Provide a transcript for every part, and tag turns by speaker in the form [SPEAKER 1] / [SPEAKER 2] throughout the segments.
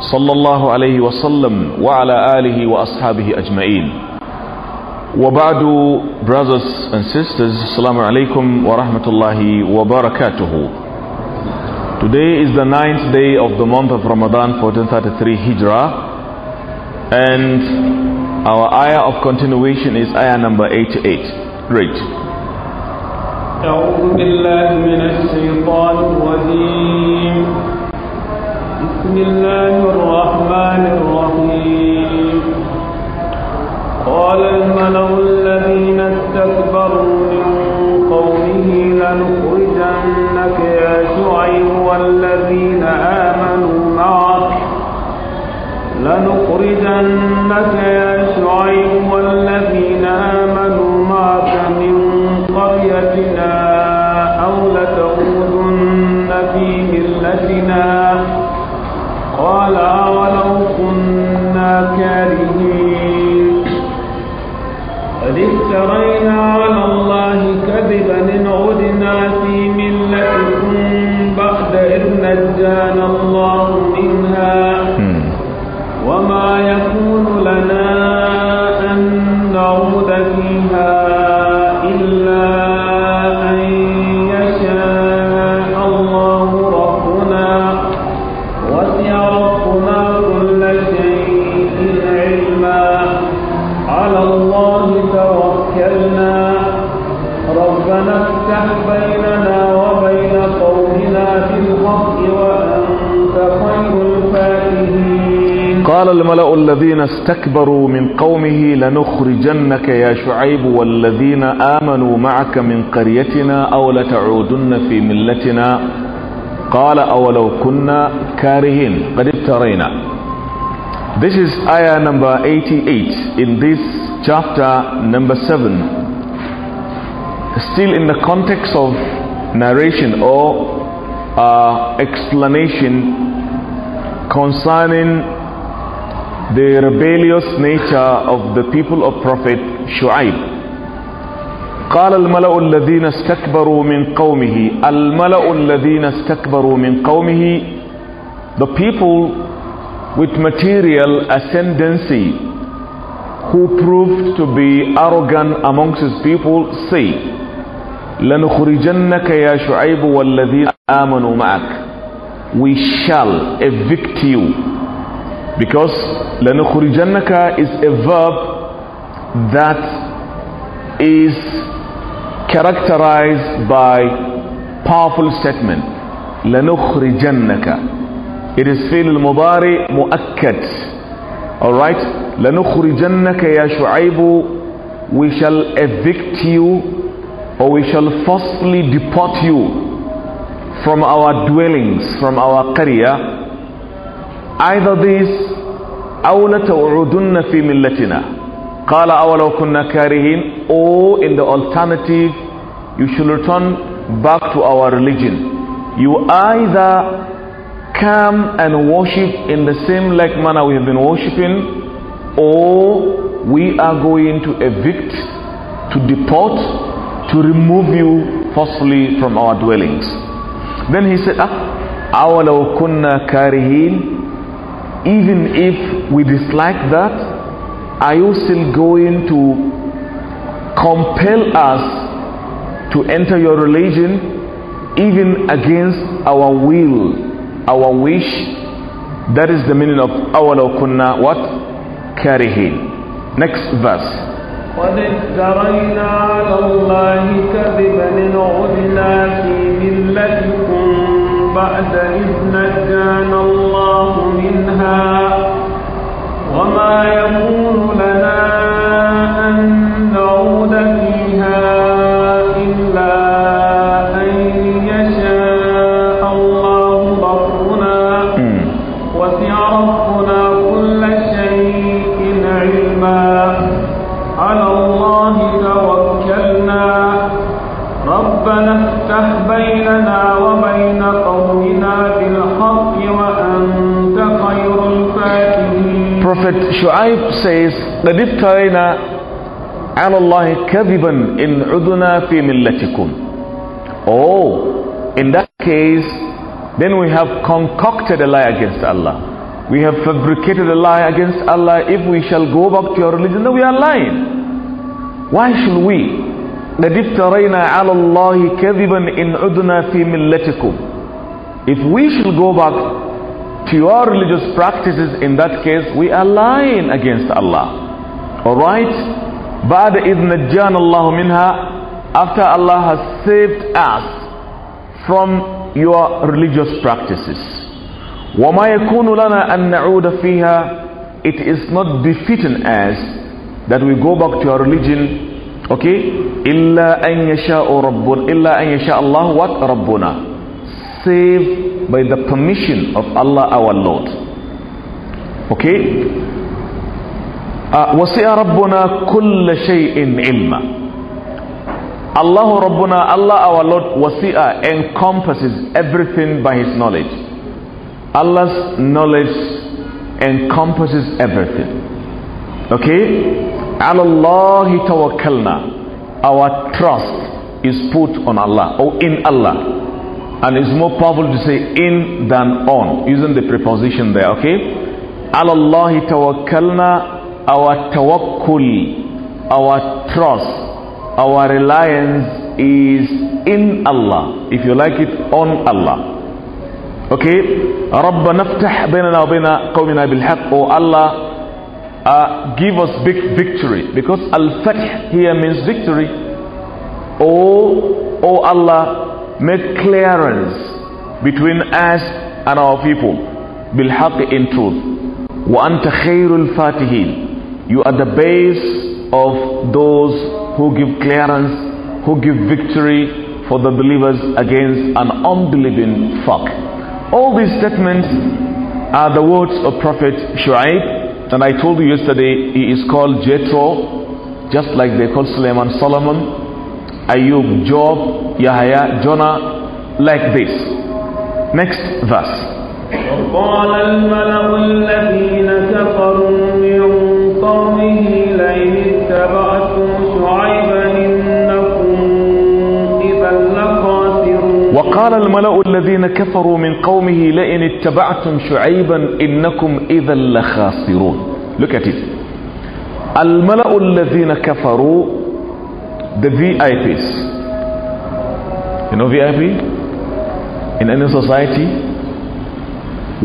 [SPEAKER 1] صلى الله عليه وسلم وعلى آله وأصحابه أجمعين وبعد brothers and sisters السلام عليكم ورحمة الله وبركاته Today is the ninth day of the month of Ramadan 1433 Hijrah and our ayah of continuation is ayah number 88 Great
[SPEAKER 2] أعوذ بالله من الشيطان الرجيم بسم الله الرحمن الرحيم قال الملأ الذين استكبروا من قومه لنخرجنك يا شعيب والذين آمنوا معك لنخرجنك يا شعيب والذين آمنوا قال أولو كنا كارهين قد افترينا على الله كذبا إن عدنا في ملتكم بعد إذ نجانا الله
[SPEAKER 1] الملا الذين استكبروا من قومه لنخرجنك يا شعيب والذين امنوا معك من قريتنا او لتعودن في ملتنا قال اولو كنا كارهين قد ابترينا This is ayah number 88 in this chapter number 7 still in the context of narration or uh, explanation concerning the rebellious nature of the people of Prophet Shu'aib. قال الملأ الذين استكبروا من قومه الملأ الذين استكبروا من قومه the people with material ascendancy who proved to be arrogant amongst his people say لنخرجنك يا شعيب والذين آمنوا معك we shall evict you because لَنُخْرِجَنَّكَ is a verb that is characterized by powerful statement. لَنُخْرِجَنَّكَ It is fil mubari mu'akkad. Alright? لَنُخْرِجَنَّكَ يَا شُعَيْبُ We shall evict you or we shall forcibly deport you from our dwellings, from our qaryah either this أو لتعودن في ملتنا قال أولو كنا كارهين or in the alternative you should return back to our religion you either come and worship in the same like manner we have been worshiping or we are going to evict to deport to remove you forcefully from our dwellings then he said ah, أولو كنا كارهين even if we dislike that, are you still going to compel us to enter your religion even against our will, our wish? That is the meaning of awalakunna. كُنَّا what? كَارِهِينَ Next verse.
[SPEAKER 2] قد افترينا على الله كذبا إن عدنا في بعد إذ نجانا الله منها وما يكون لنا أن نعود فيها إلا أن يشاء الله ربنا وسع ربنا كل شيء علما على الله توكلنا ربنا افتح بيننا
[SPEAKER 1] Prophet Shu'aib says, لَدِبْ تَرَيْنَا Allah اللَّهِ in إِنْ fi فِي Oh, in that case, then we have concocted a lie against Allah. We have fabricated a lie against Allah. If we shall go back to your religion, then we are lying. Why should we? لَدِبْ تَرَيْنَا Allah اللَّهِ in إِنْ fi فِي If we shall go back pure religious practices in that case we are lying against Allah alright بعد إذ نجانا الله منها after Allah has saved us from your religious practices وما يكون لنا أن نعود فيها it is not befitting us that we go back to our religion okay إلا أن يشاء ربنا إلا أن يشاء الله what ربنا save by the permission of Allah our Lord. Okay? وَسِعَ رَبُّنَا كُلَّ شَيْءٍ عِلْمًا Allah Rabbuna, Allah our Lord, wasi'a encompasses everything by His knowledge. Allah's knowledge encompasses everything. Okay? Allahi tawakkalna. Our trust is put on Allah or in Allah. And it's more powerful to say in than on, using the preposition there, okay? Alallahi tawakkalna, our tawakkul, our trust, our reliance is in Allah. If you like it, on Allah. Okay? ربنا افتح بيننا وبين قومنا بالحق. Oh Allah, uh, give us big victory because al-fath here means victory oh oh allah make clearance between us and our people بالحق in truth وأنت خير الفاتحين you are the base of those who give clearance who give victory for the believers against an unbelieving folk all these statements are the words of prophet Shu'aib and I told you yesterday he is called Jethro just like they call Suleiman Solomon Ayub, Job, Yahya, Jonah, like this. Next
[SPEAKER 2] verse. وقال الملأ الذين كفروا من قومه لئن اتبعتم
[SPEAKER 1] شعيبا إنكم إذا لخاسرون وقال الملأ الذين كفروا من قومه لئن اتبعتم شعيبا إنكم إذا لخاسرون Look at it. الملأ الذين كفروا the VIPs. You know VIP? In any society,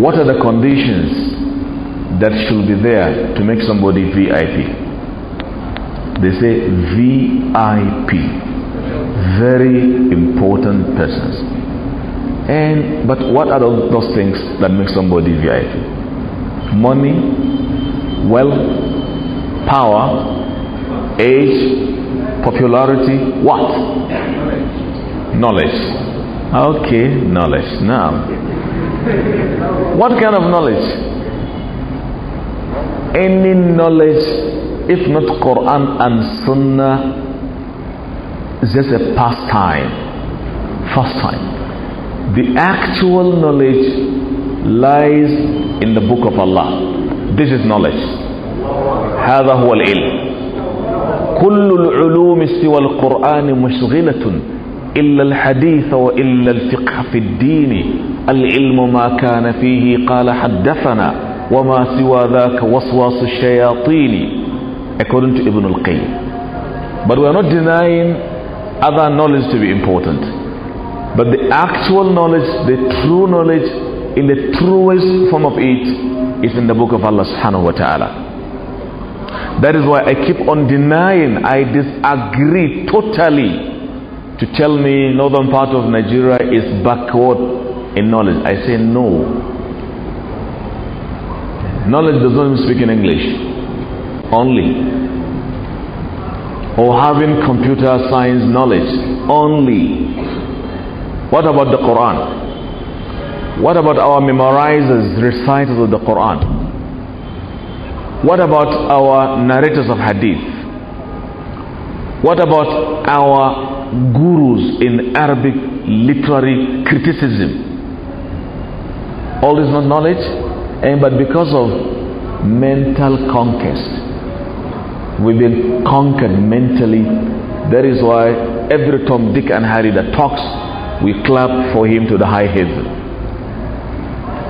[SPEAKER 1] what are the conditions that should be there to make somebody VIP? They say VIP, very important persons. And but what are those things that make somebody VIP? Money, wealth, power, age, popularity, what? Knowledge. Okay, knowledge. Now,
[SPEAKER 3] what kind of knowledge?
[SPEAKER 1] Any knowledge, if not Quran and Sunnah, is just a pastime. Pastime. The actual knowledge lies in the book of Allah. This is knowledge. هذا هو العلم كل العلوم سوى القرآن مشغلة إلا الحديث وإلا الفقه في الدين العلم ما كان فيه قال حدثنا وما سوى ذاك وسواس الشياطين according to Ibn al-Qayyim but we are not denying other knowledge to be important but the actual knowledge the true knowledge in the truest form of it is in the book of Allah subhanahu wa ta'ala That is why I keep on denying. I disagree totally to tell me northern part of Nigeria is backward in knowledge. I say no. Knowledge does not speak in English only. Or having computer science knowledge only. What about the Quran? What about our memorizers, reciters of the Quran? What about our narrators of hadith? What about our gurus in Arabic literary criticism? All is not knowledge, and eh, but because of mental conquest, we've been conquered mentally. That is why every Tom, Dick, and Harry that talks, we clap for him to the high heaven.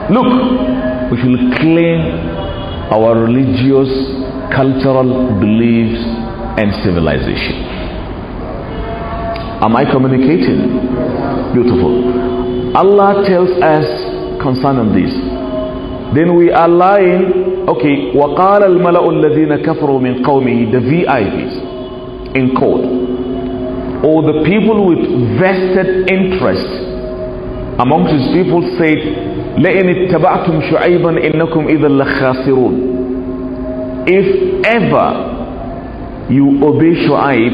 [SPEAKER 1] Look, we should claim our religious, cultural beliefs and civilization. Am I communicating? Beautiful. Allah tells us concerning this. Then we are lying. Okay, وقال الملأ الذين كفروا من قومه the VIPs in court, or the people with vested interest amongst his people said لَإِنِ اتَّبَعْتُمْ شُعَيْبًا إِنَّكُمْ إِذًا لَخَاسِرُونَ If ever you obey Shu'aib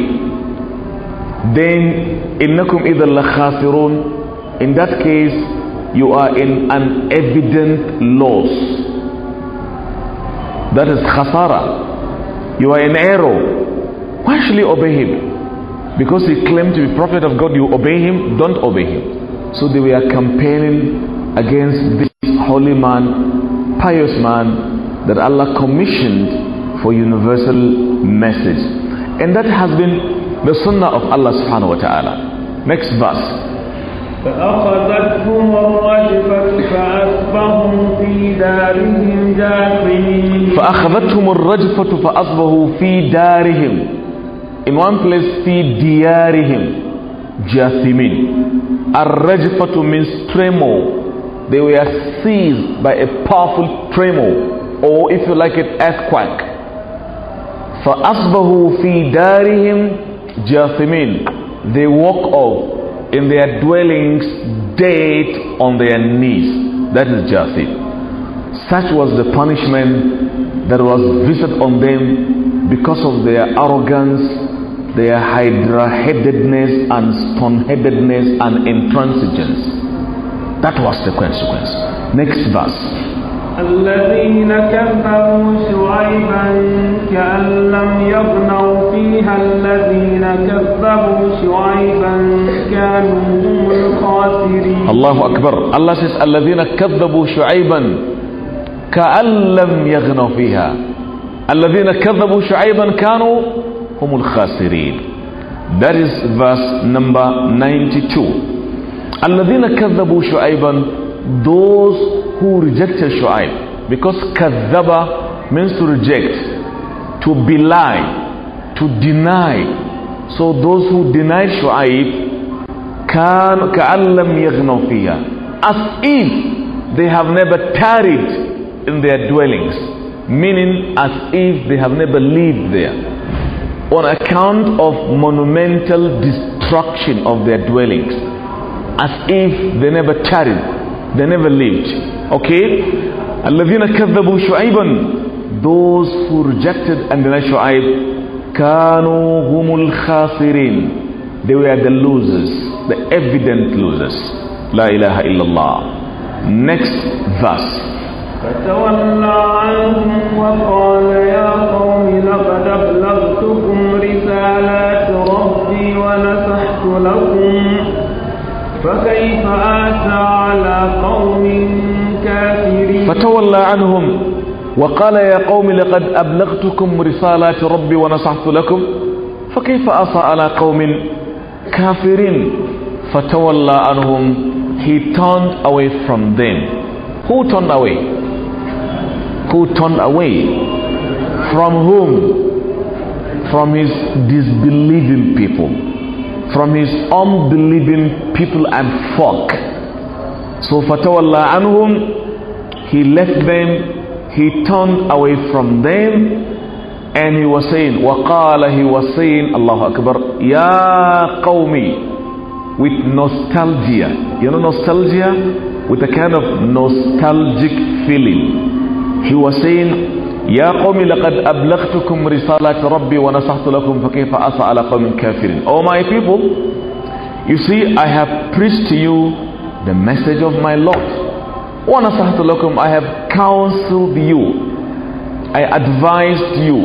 [SPEAKER 1] then إِنَّكُمْ إِذًا لَخَاسِرُونَ In that case you are in an evident loss that is khasara you are in error why should you obey him because he claimed to be prophet of god you obey him don't obey him so they were campaigning against this holy man, pious man that Allah commissioned for universal message. And that has been the sunnah of Allah subhanahu wa ta'ala. Next verse.
[SPEAKER 2] فأخذتهم الرجفة فأصبحوا في دارهم جاثمين
[SPEAKER 1] فأخذتهم الرجفة فأصبحوا في دارهم In one place في ديارهم جاثمين ar means tremor. They were seized by a powerful tremor, or if you like it, earthquake. فَأَصْبَهُوا فِي دَارِهِمْ جَاثِمِينَ They walk off in their dwellings dead on their knees. That is Jathim. Such was the punishment that was visited on them because of their arrogance their hydra-headedness and stone-headedness and intransigence. That was the consequence. Next verse.
[SPEAKER 2] الذين كفروا شعيبا كأن لم يغنوا فيها الذين كذبوا شعيبا كانوا هم الخاسرين
[SPEAKER 1] الله أكبر الله says الذين كذبوا شعيبا كأن لم يغنوا فيها الذين كذبوا شعيبا كانوا هم الخاسرين. That is verse number 92. الذين كذبوا shu'aiban, those who rejected shu'aib. Because كذب means to reject, to belie, to deny. So those who denied shu'aib, كان كأن لم يغنوا فيها as if they have never tarried in their dwellings meaning as if they have never lived there on account of monumental destruction of their dwellings, as if they never tarried, they never lived. Okay? الَّذِينَ كَذَّبُوا شُعَيْبًا Those who rejected and denied Shu'aib, كَانُوا هُمُ الْخَاسِرِينَ They were the losers, the evident losers. La ilaha illallah. Next verse. فتولى عنهم وقال يا قوم لقد أبلغتكم رسالات ربي ونصحت لكم
[SPEAKER 2] فكيف آتى على قوم كافرين
[SPEAKER 1] فتولى عنهم وقال يا قوم لقد أبلغتكم رسالات ربي ونصحت لكم فكيف أصى على قوم كافرين فتولى عنهم he turned away from them who turned away who turned away from whom? From his disbelieving people, from his unbelieving people and folk. So fatawallah anhum, he left them, he turned away from them, and he was saying, waqala he was saying, Allah Akbar, Ya qawmi, with nostalgia. You know nostalgia? With a kind of nostalgic feeling he was saying يا قوم لقد أبلغتكم رسالة ربي ونصحت لكم فكيف على قوم كافرين Oh my people You see I have preached to you the message of my Lord ونصحت لكم I have counseled you I advised you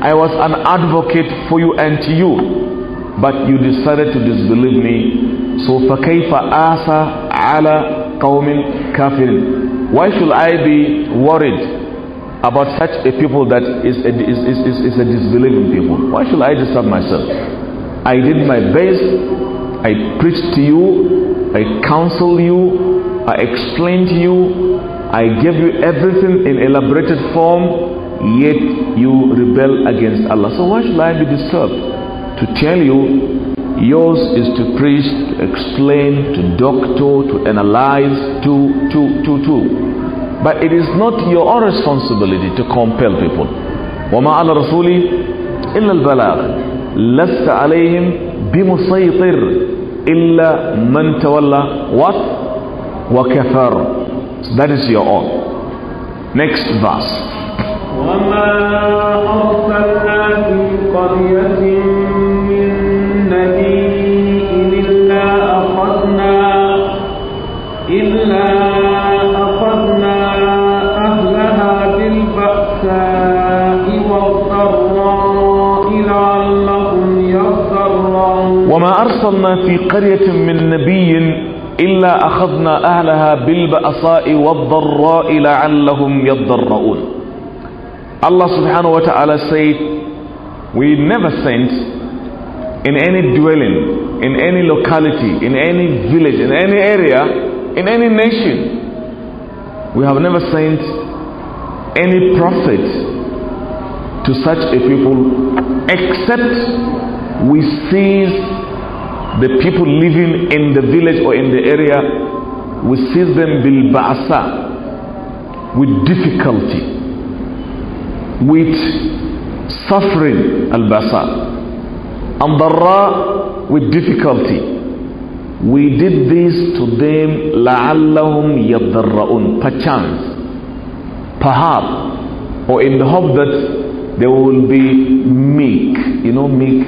[SPEAKER 1] I was an advocate for you and to you But you decided to disbelieve me So فكيف أسى على قوم kafirin. Why should I be worried about such a people that is a, is, is, is, is a disbelieving people? Why should I disturb myself? I did my best. I preached to you. I counseled you. I explained to you. I gave you everything in elaborated form. Yet you rebel against Allah. So why should I be disturbed? To tell you Yours is to preach, to explain, to doctor, to analyze, to, to, to, to. But it is not your own responsibility to compel people. وما على الرسول إلا البلاغ لست عليهم بمسيطر إلا من تولى what وكفر so that is your own next verse وما
[SPEAKER 2] أرسلنا في قرية
[SPEAKER 1] أرسلنا في قرية من نبي إلا أخذنا أهلها بالبأساء والضراء لعلهم يضرؤون Allah subhanahu wa ta'ala said, We never sent in any dwelling, in any locality, in any village, in any area, in any nation. We have never sent any prophet to such a people except we seize the people living in the village or in the area, we see them bil ba'asa, with difficulty, with suffering al ba'asa, and darra with difficulty. We did this to them la'allahum yadarraun, perchance, perhaps, or in the hope that they will be meek. You know, meek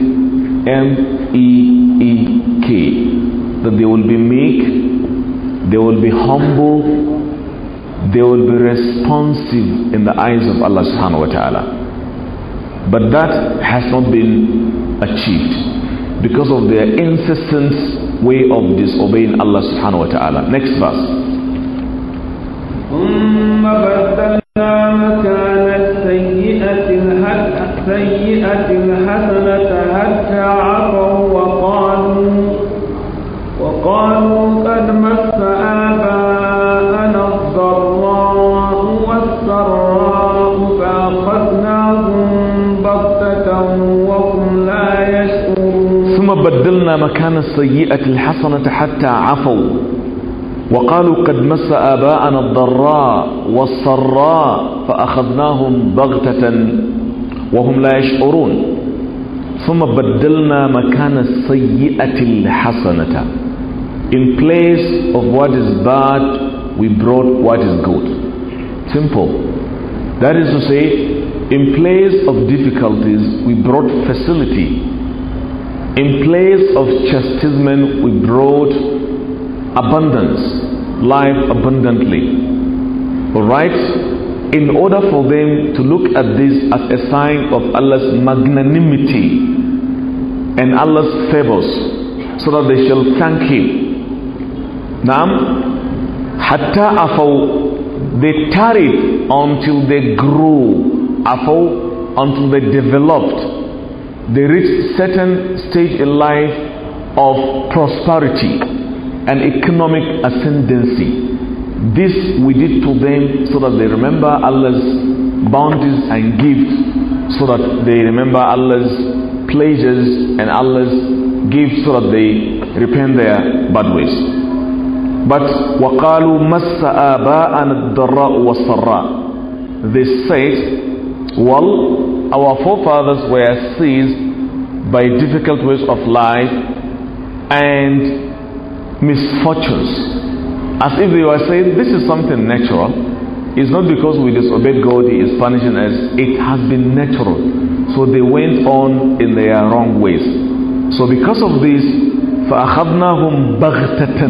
[SPEAKER 1] M-E-E-K. That they will be meek, they will be humble, they will be responsive in the eyes of Allah subhanahu wa ta'ala. But that has not been achieved because of their incessant way of disobeying Allah subhanahu wa ta'ala. Next verse.
[SPEAKER 2] السيئة الحسنة حتى عفوا وقالوا وقالوا قد مس آباءنا الضراء والسراء فأخذناهم بغتة وهم لا يشكرون ثم بدلنا
[SPEAKER 1] مكان السيئة الحسنة حتى عفوا وقالوا قد مس آباءنا الضراء والسراء فأخذناهم بغتة وهم لا يشعرون ثم بدلنا مكان السيئة الحسنة in place of what is bad we brought what is good simple that is to say in place of difficulties we brought facility in place of chastisement we brought abundance life abundantly all right in order for them to look at this as a sign of Allah's magnanimity and Allah's favors so that they shall thank him. Naam hatta afaw they tarried until they grew afaw until they developed they reached certain stage in life of prosperity and economic ascendancy this we did to them so that they remember Allah's bounties and gifts, so that they remember Allah's pleasures and Allah's gifts, so that they repent their bad ways. But وَقَالُوا مَسَّ آبَاءَنَا الضَّرَّاءُ وَالسَّرَّاءُ They said, well, our forefathers were seized by difficult ways of life and misfortunes as if they were saying, This is something natural. It's not because we disobeyed God, He is punishing us. It has been natural. So they went on in their wrong ways. So because of this, فَأَخَذْنَاهُمْ بَغْتَةً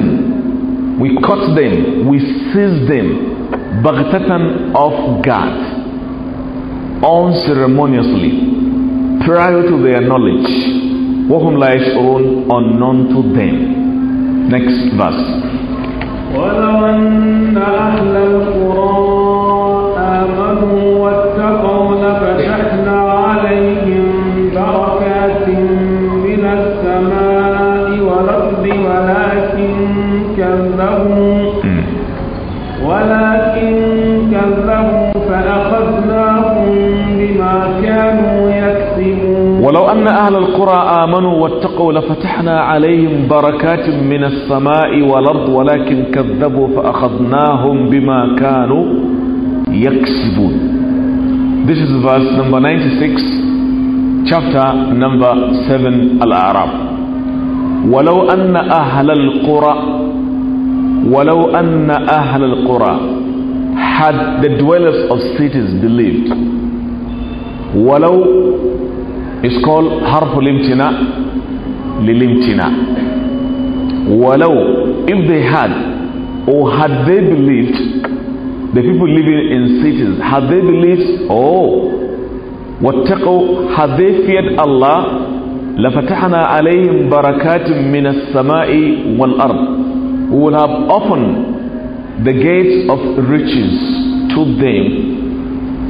[SPEAKER 1] We caught them, we seized them, baghtatan of God, unceremoniously, prior to their knowledge. وَهُمْ لَا يَشْعُرُونَ Unknown to them. Next verse. ولو أن أهل القرى
[SPEAKER 2] ولو أن أهل القرى
[SPEAKER 1] آمنوا واتقوا لفتحنا عليهم بركات من السماء والأرض ولكن كذبوا فأخذناهم بما كانوا يكسبون This is verse number
[SPEAKER 3] 96
[SPEAKER 1] chapter number 7 Al-A'raf ولو أن أهل القرى ولو أن أهل القرى
[SPEAKER 3] had the dwellers of cities
[SPEAKER 1] believed ولو is called harful imtina lilimtina walau if they had or had they believed the people living in cities had they believed oh واتقوا had they feared Allah لفتحنا عليهم بركات من السماء والأرض we will have opened the gates of riches to them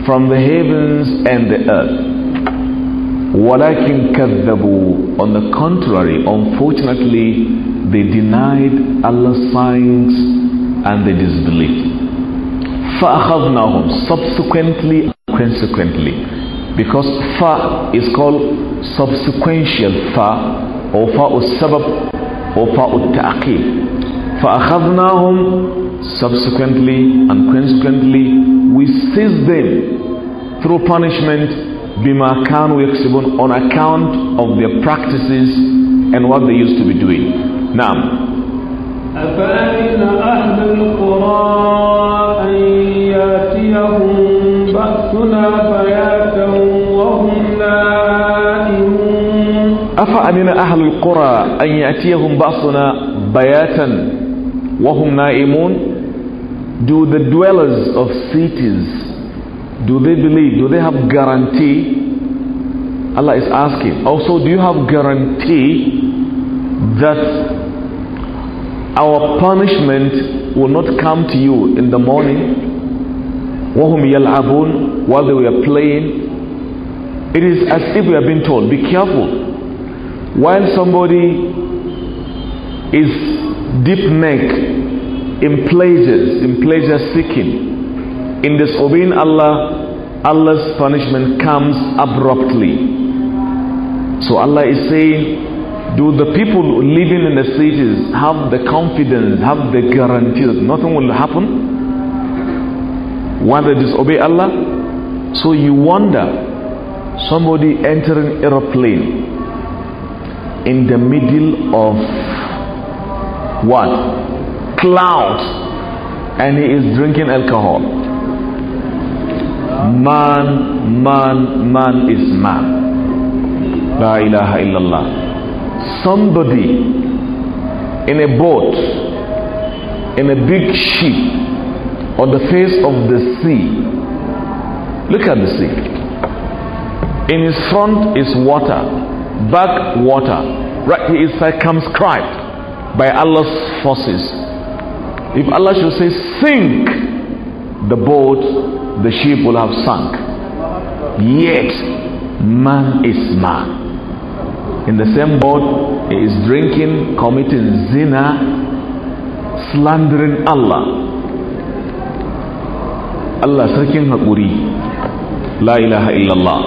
[SPEAKER 1] from the heavens and the earth Walakin kadhabu. On the contrary, unfortunately, they denied Allah's signs and they disbelieved. فأخذناهم subsequently consequently because fa is called subsequential fa or fa sabab or fa ta'qib فأخذناهم subsequently and consequently we seize them through punishment bima kanu yaksibun on account of their practices and what they used to be doing. Now. أفأمن أهل القرى أن يأتيهم بأسنا بياتا وهم نائمون أفأمن أهل القرى أن يأتيهم بأسنا بياتا وهم نائمون Do the dwellers of cities do they believe? Do they have guarantee? Allah is asking. Also, do you have guarantee that our punishment will not come to you in the morning? While they were playing. It is as if we have been told, be careful. While somebody is deep neck in pleasures, in pleasure seeking, in disobeying Allah, Allah's punishment comes abruptly. So Allah is saying, do the people living in the cities have the confidence, have the guarantee that nothing will happen? While they disobey Allah? So you wonder, somebody entering aeroplane in the middle of what? Cloud. And he is drinking alcohol man, man, man is man. La ilaha illallah. Somebody in a boat, in a big ship, on the face of the sea. Look at the sea. In his front is water, back water. Right, he is circumscribed by Allah's forces. If Allah should say, sink, the boat, the ship will have sunk. Yet, man is man. In the same boat, he is drinking, committing zina, slandering Allah. Allah sarkin haƙuri, la ilaha illallah.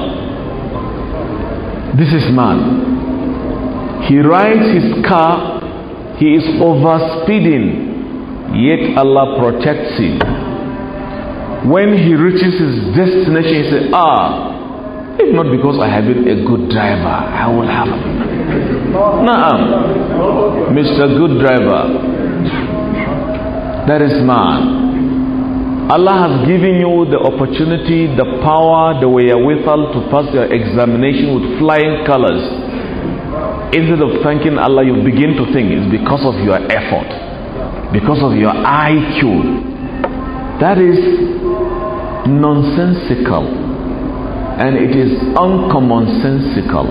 [SPEAKER 1] This is man. He rides his car, he is overspeeding, yet Allah protects him when he reaches his destination, he says, Ah, if not because I have been a good driver, I would have.
[SPEAKER 3] Naam, Mr. Good Driver,
[SPEAKER 1] that is man. Allah has given you the opportunity, the power, the wherewithal to pass your examination with flying colors. Instead of thanking Allah, you begin to think it's because of your effort, because of your IQ, that is nonsensical and it is uncommonsensical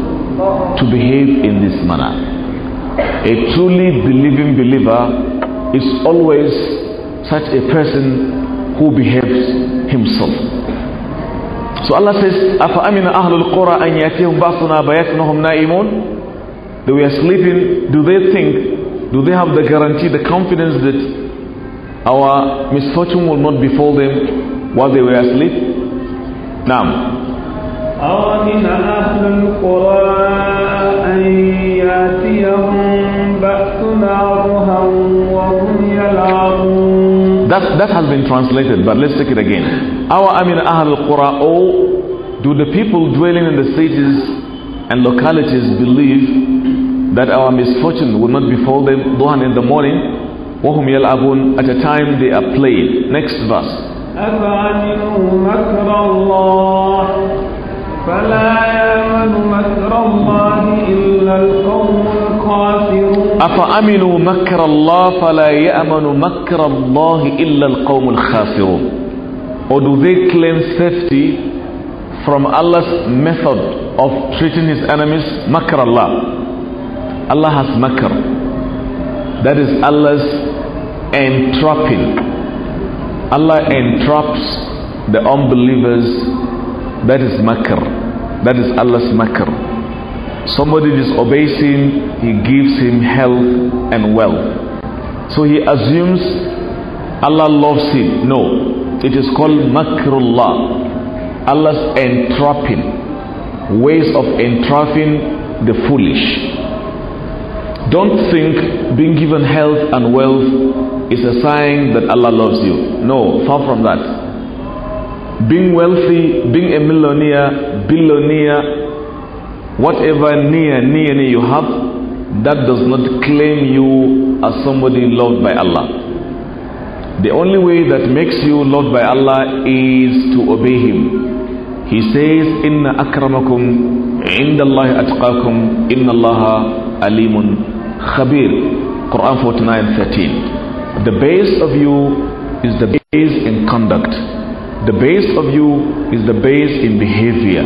[SPEAKER 1] to behave in this manner. A truly believing believer is always such a person who behaves himself. So Allah says, أَفَأَمِنَ أَهْلُ الْقُرَىٰ أَنْ يَأْتِيهُمْ بَأْسُنَا بَيَاتُنَهُمْ نَائِمُونَ They were sleeping. Do they think, do they have the guarantee, the confidence that our misfortune will not befall them while they were asleep. Now. That, that has been translated, but let's take it again. Our Amin Ahl al-Qura, oh, do the people dwelling in the cities and localities believe that our misfortune will not befall them, Duhan in the morning, وهم يلعبون at a time they are playing next verse
[SPEAKER 2] أفأمنوا مكر الله فلا يأمن مكر الله إلا القوم الخاسرون
[SPEAKER 1] أفأمنوا مكر الله فلا يأمن مكر الله إلا القوم الخاسرون Or do they claim safety from Allah's method of treating his enemies? Makr Allah. Allah has makr. That is Allah's entrapping. Allah entraps the unbelievers. That is makr. That is Allah's makr. Somebody disobeys him, he gives him health and wealth. So he assumes Allah loves him. No, it is called makrullah. Allah's entrapping, ways of entrapping the foolish. Don't think being given health and wealth is a sign that Allah loves you. No, far from that. Being wealthy, being a millionaire, billionaire, whatever near, near, near you have, that does not claim you as somebody loved by Allah. The only way that makes you loved by Allah is to obey Him. He says, Inna akramakum Allah atqakum inna Allah alimun khabir. Quran 49:13. The base of you is the base in conduct. The base of you is the base in behavior.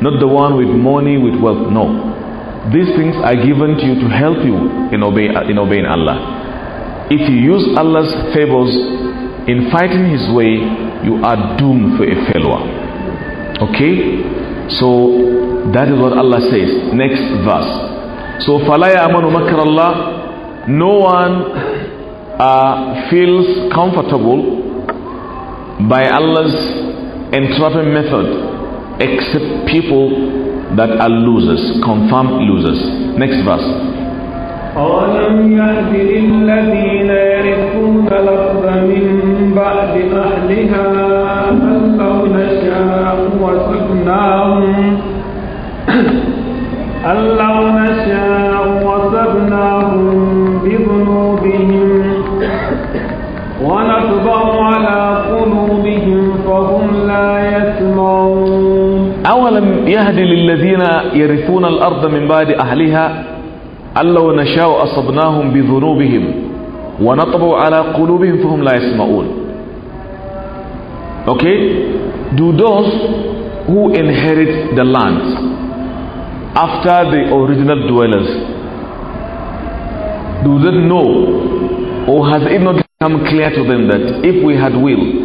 [SPEAKER 1] Not the one with money, with wealth. No. These things are given to you to help you in, obey, in obeying Allah. If you use Allah's favors in fighting His way, you are doomed for a failure. Okay? So that is what Allah says. Next verse. So فَلَا يَأْمَنُ مَكْرَ No one uh, feels comfortable by Allah's entrapping method except people that are losers, confirmed losers. Next verse.
[SPEAKER 2] أولم يهد يرثون الأرض من بعد أهلها أن لو نشاء أن أولم يهد
[SPEAKER 1] للذين يرثون الأرض من بعد أهلها أن لو نشاء أصبناهم بذنوبهم ونطبع على قلوبهم فهم لا يسمعون Okay? Do those who inherit the land after the original dwellers. Do they know or has it not become clear to them that if we had will,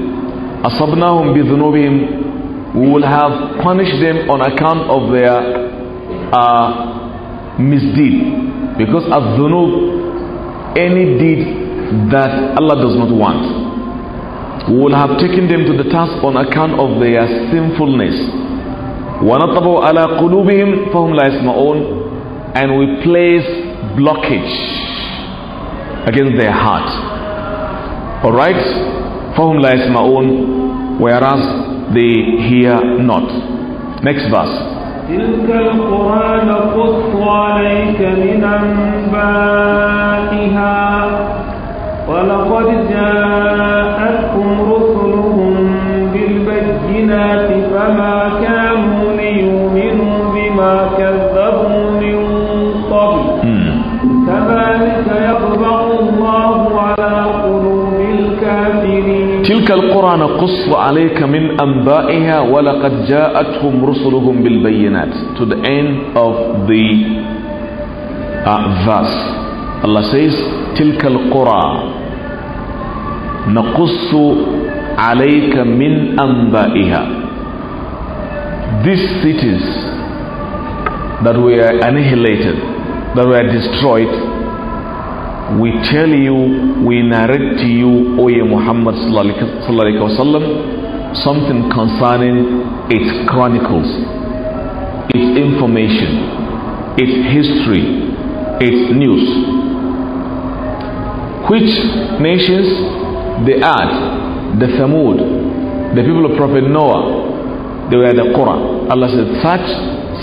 [SPEAKER 1] أصبناهم بذنوبهم we will have punished them on account of their uh, misdeed because as dhunub any deed that Allah does not want we will have taken them to the task on account of their sinfulness وَنَطَبَوْا عَلَىٰ قُلُوبِهِمْ فَهُمْ لَا يَسْمَعُونَ And we place blockage against their heart. Alright? فَهُمْ لَا يَسْمَعُونَ Whereas they hear not. Next verse.
[SPEAKER 2] تلك عليك من أنبائها ولقد جاء تلك القرى
[SPEAKER 1] نقص عليك من أنبائها ولقد جاءتهم رسلهم بالبينات to the end of the uh, verse Allah says تلك القرى نقص عليك من أنبائها these cities that were annihilated that were destroyed we tell you, we narrate to you, O ye Muhammad wasallam, something concerning its chronicles, its information, its history, its news. Which nations? The Ad, the Thamud, the people of Prophet Noah, they were the Qur'an. Allah said, such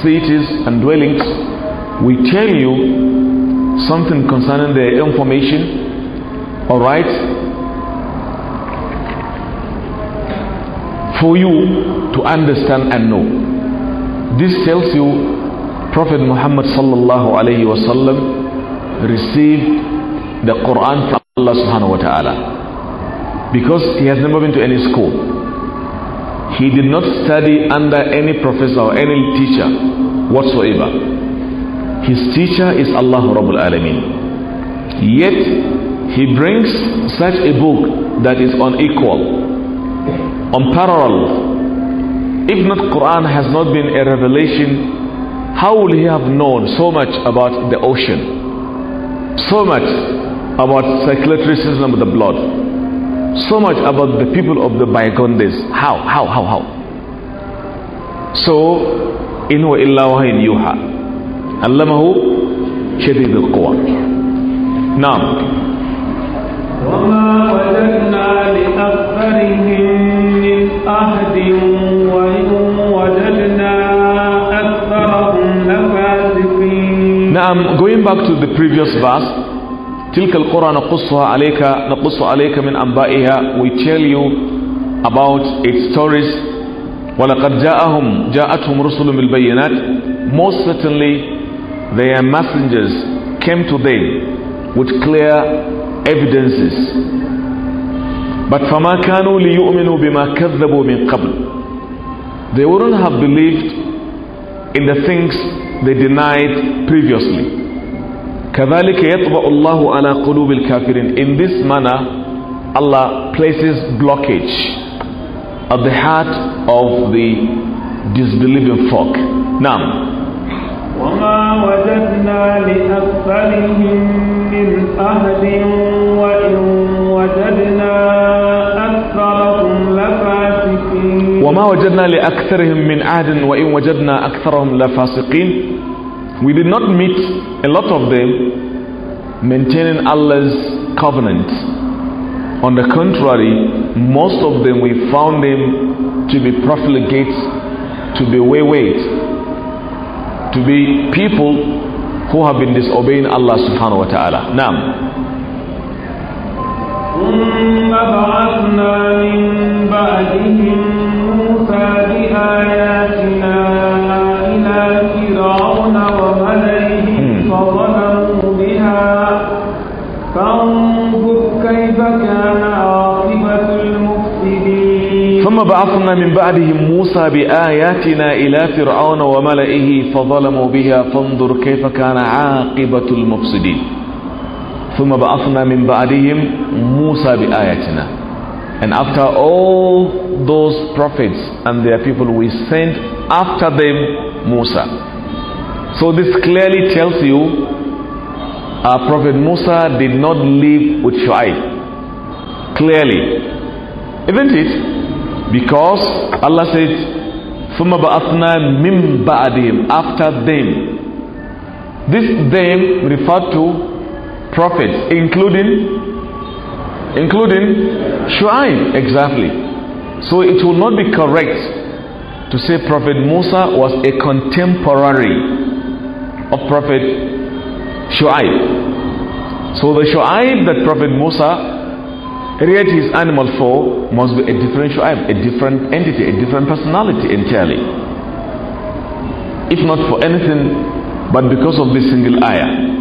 [SPEAKER 1] cities and dwellings, we tell you something concerning the information, all right, for you to understand and know. This tells you Prophet Muhammad sallallahu alayhi wasallam received the Quran from Allah subhanahu wa ta'ala because he has never been to any school. He did not study under any professor or any teacher whatsoever his teacher is Allah Rabbul Alameen. Yet he brings such a book that is unequal, unparalleled. If not Quran has not been a revelation, how will he have known so much about the ocean? So much about circulatory system of the blood. So much about the people of the bygone days. How? How? How? How? So, in wa illa wahin yuha. علمه شديد القوى نعم وما وجدنا لأكثرهم من أحد وإن وجدنا أكثرهم لفاسقين نعم going back to the previous verse تلك القرى نقصها عليك نقص عليك من أنبائها we tell you about its stories ولقد جاءهم جاءتهم رسل بالبينات most certainly their messengers came to them with clear evidences. But They wouldn't have believed in the things they denied previously. In this manner, Allah places blockage at the heart of the disbelieving folk. Now,
[SPEAKER 2] وما وجدنا لأكثرهم من أهل وإن وجدنا أكثرهم لفاسقين وما وجدنا
[SPEAKER 1] لأكثرهم من عهد وإن وجدنا أكثرهم لفاسقين We did not meet a lot of them maintaining Allah's covenant. On the contrary, most of them we found them to be profligates, to be wayward, to be people who have been disobeying Allah subhanahu wa ta'ala. Naam. ثم بعثنا من
[SPEAKER 2] بعدهم بعثنا
[SPEAKER 1] من بعدهم موسى بآياتنا إلى فرعون وملئه فظلموا بها فانظر كيف كان عاقبة المفسدين ثم بعثنا من بعدهم موسى بآياتنا And after all those prophets and their people, we sent after them Musa. So this clearly tells you our uh, prophet Musa did not live with Shu'aib. Clearly. Isn't it? Because Allah says, ثم بأثنا من بعدهم after them this them refer to prophets including including Shu'aib exactly so it will not be correct to say prophet Musa was a contemporary of prophet Shu'aib so the Shu'aib that prophet Musa yet his animal four must be a differential a different entity, a different personality entirely. If not for anything, but because of this single ayah.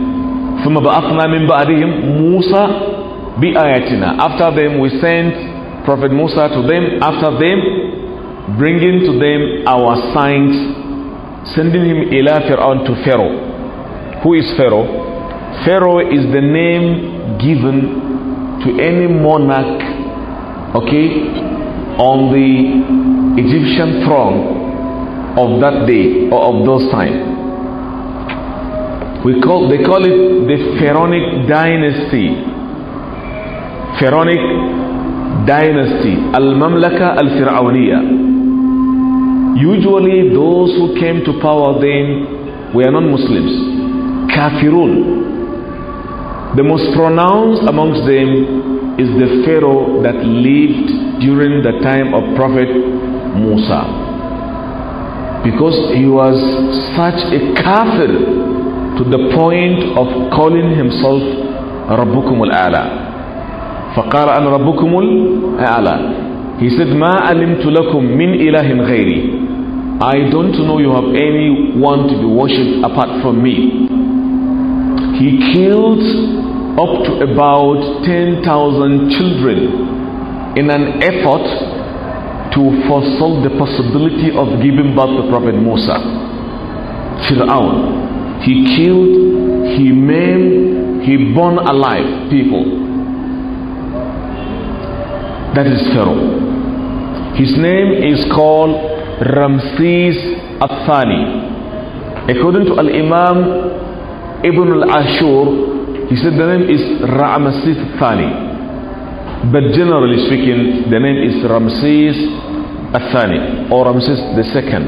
[SPEAKER 1] ثم بعثنا من بعدهم موسى بآياتنا after them we sent prophet Musa to them after them bringing to them our signs sending him إلى فرعون to Pharaoh who is Pharaoh Pharaoh is the name given to any monarch, okay, on the Egyptian throne of that day or of those times, We call, they call it the Pharaonic dynasty. Pharaonic dynasty, Al-Mamlaka Al-Fir'awniyah. Usually those who came to power then were non-Muslims, kafirun, the most pronounced amongst them is the Pharaoh that lived during the time of Prophet Musa. Because he was such a kafir to the point of calling himself Rabbukum al-A'la. فقال أن ربكم الأعلى He said ما علمت لكم من إله غيري I don't know you have anyone to be worshipped apart from me.
[SPEAKER 3] He killed
[SPEAKER 1] up to about 10,000 children in an effort to forestall the possibility of giving birth to Prophet Musa. Fir'aun, he killed, he maimed, he burned alive people. That is Pharaoh. His name is called Ramses Athani. According to Al Imam Ibn al Ashur, he said the name is Ramesses Thani. But generally speaking, the name is Ramses Athani or Ramses the second.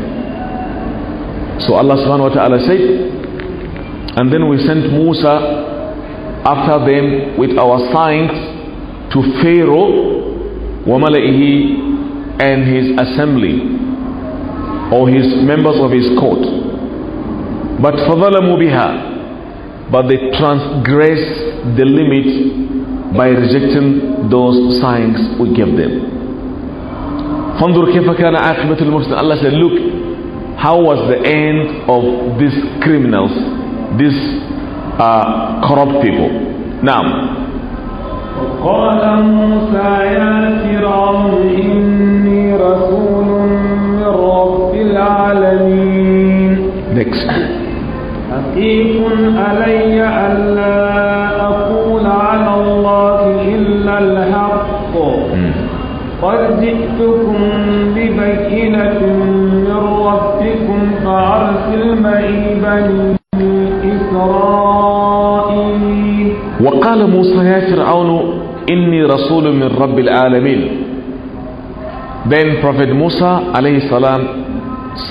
[SPEAKER 1] So Allah subhanahu wa ta'ala said, and then we sent Musa after them with our signs to Pharaoh, Wamalehi, and his assembly, or his members of his court. But فَظَلَمُوا بِهَا but they transgress the limit by rejecting those signs we give them. فانظر كيف كان عاقبة Allah said look how was the end of these criminals these uh, corrupt people now
[SPEAKER 3] قال موسى يا فرعون إني
[SPEAKER 2] رسول من رب العالمين next حقيق علي ألا أقول على الله إلا الحق قد جئتكم ببينة من ربكم فأرسل معي بني إسرائيل وقال موسى يا فرعون إني رسول
[SPEAKER 1] من رب العالمين Then Prophet Musa alayhi salam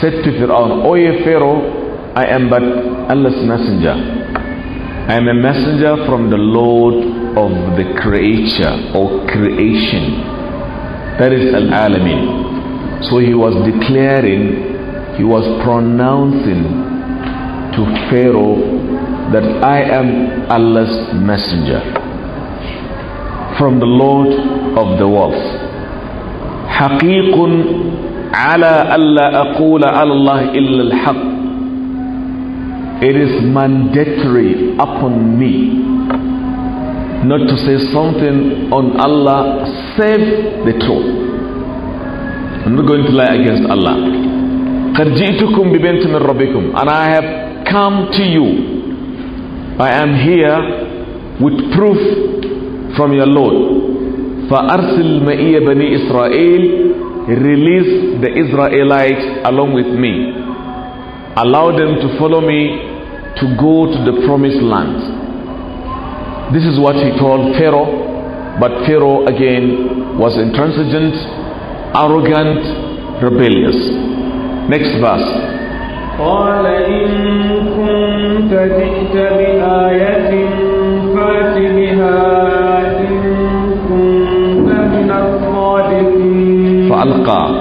[SPEAKER 1] said to Fir'aun, O ye Pharaoh, I am but Allah's messenger. I am a messenger from the Lord of the creature or creation. That is Al Alamin. So he was declaring, he was pronouncing to Pharaoh that I am Allah's messenger from the Lord of the world. حقيق على ألا أقول على الله إلا الحق it is mandatory upon me not to say something on Allah save the truth. I'm not going to lie against Allah. and I have come to you I am here with proof from your Lord فأرسل معي بني إسرائيل release the Israelites along with me allow them to follow me to go to the promised land. This is what he told Pharaoh, but Pharaoh again was intransigent, arrogant, rebellious. Next verse.
[SPEAKER 2] قال إن كنت جئت بآية فات بها إن كنت من الصادقين فألقى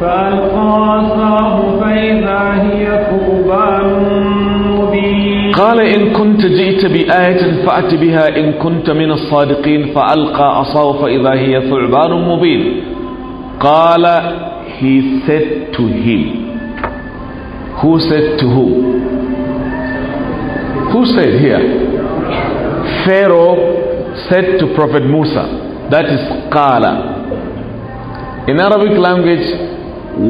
[SPEAKER 2] فألقى عصاه فإذا هي ثعبان قال إن
[SPEAKER 1] كنت جئت بآية فأت بها إن كنت من الصادقين فألقى عصاه فإذا هي ثعبان مبين قال he said to him who said to whom who said here Pharaoh said to Prophet Musa that is قال in Arabic language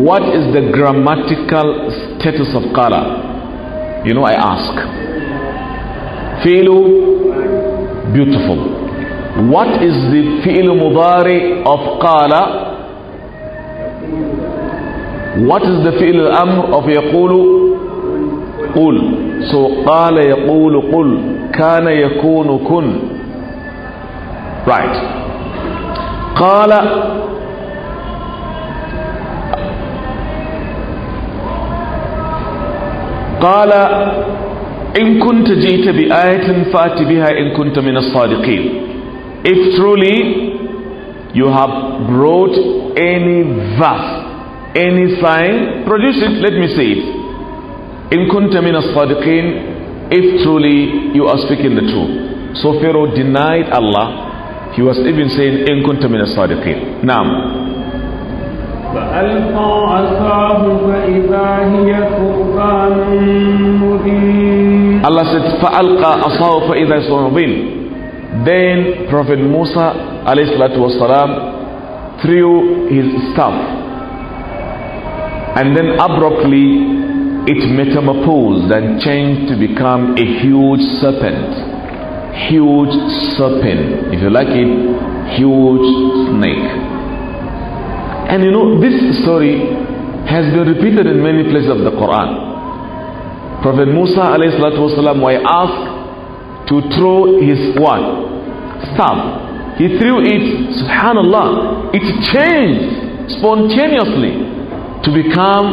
[SPEAKER 1] what is the grammatical status of قال you know, I ask. Fi'lu, beautiful. What is the fi'lu mudari of qala? What is the fi'lu amr of yaqulu? Qul. So qala yaqulu qul. Kana yakunu kun. Right. Qala قال إن كنت جئت بآية فأت بها إن كنت من الصادقين If truly you have brought any verse, any sign, produce it, let me see it. In kunta min as if truly you are speaking the truth. So Pharaoh denied Allah. He was even saying, in kunta min as-sadiqin.
[SPEAKER 2] فألقى عصاه فإذا هي Allah
[SPEAKER 1] said, فَأَلْقَى أَصَاهُ فَإِذَا سُوَمُبِينَ Then Prophet Musa والسلام, threw his staff and then abruptly it metamorphosed and changed to become a huge serpent. Huge serpent. If you like it, huge snake. And you know, this story has been repeated in many places of the Quran. Prophet Musa والسلام, was asked to throw his what? Staff. He threw it, subhanallah, it changed spontaneously to become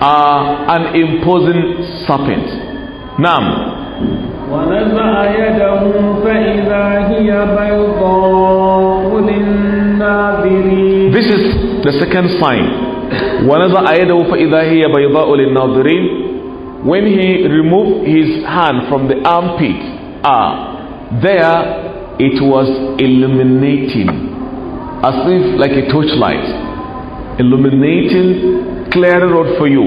[SPEAKER 1] uh, an imposing serpent. Nam.
[SPEAKER 2] This is
[SPEAKER 1] the second sign when he removed his hand from the armpit, ah, there it was illuminating, as if like a torchlight, illuminating clear road for you.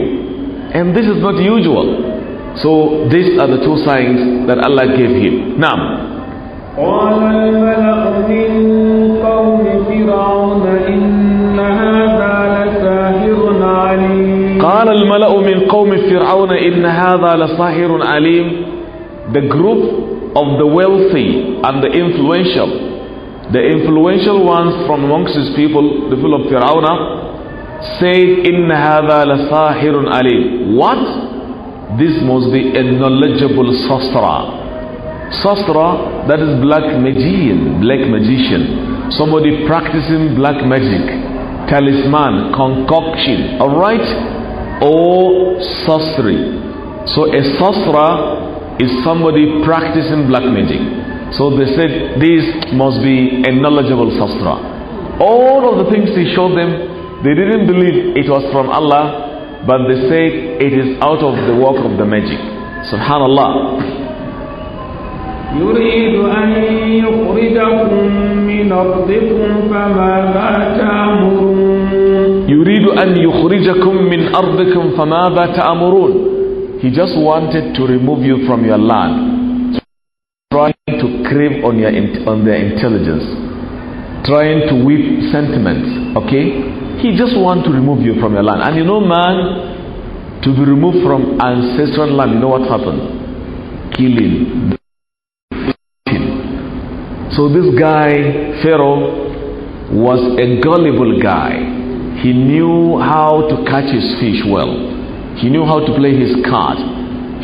[SPEAKER 1] And this is not usual. So these are the two signs that Allah gave him. Now.
[SPEAKER 2] قال الملأ من قوم فرعون إن هذا قال الملأ من قوم فرعون
[SPEAKER 1] إن هذا عليم The group of the wealthy and the influential the influential ones from amongst his people, the people of Fir'auna, said, Inna hadha lasahirun alim. What? This must be a knowledgeable sastra. Sastra, that is black magician, black magician. Somebody practicing black magic, talisman, concoction. Alright? or sorcery. So a sorcerer is somebody practicing black magic. So they said this must be a knowledgeable sorcerer. All of the things he showed them, they didn't believe it was from Allah, but they said it is out of the work of the magic. Subhanallah.
[SPEAKER 2] يريد أن يخرجكم من أرضكم فماذا تأمرون
[SPEAKER 1] يريد أن يخرجكم من أرضكم فماذا تأمرون He just wanted to remove you from your land trying to crave on, your, on their intelligence trying to whip sentiments okay he just want to remove you from your land and you know man to be removed from ancestral land you know what happened killing so this guy pharaoh was a gullible guy he knew how to catch his fish well. He knew how to play his card.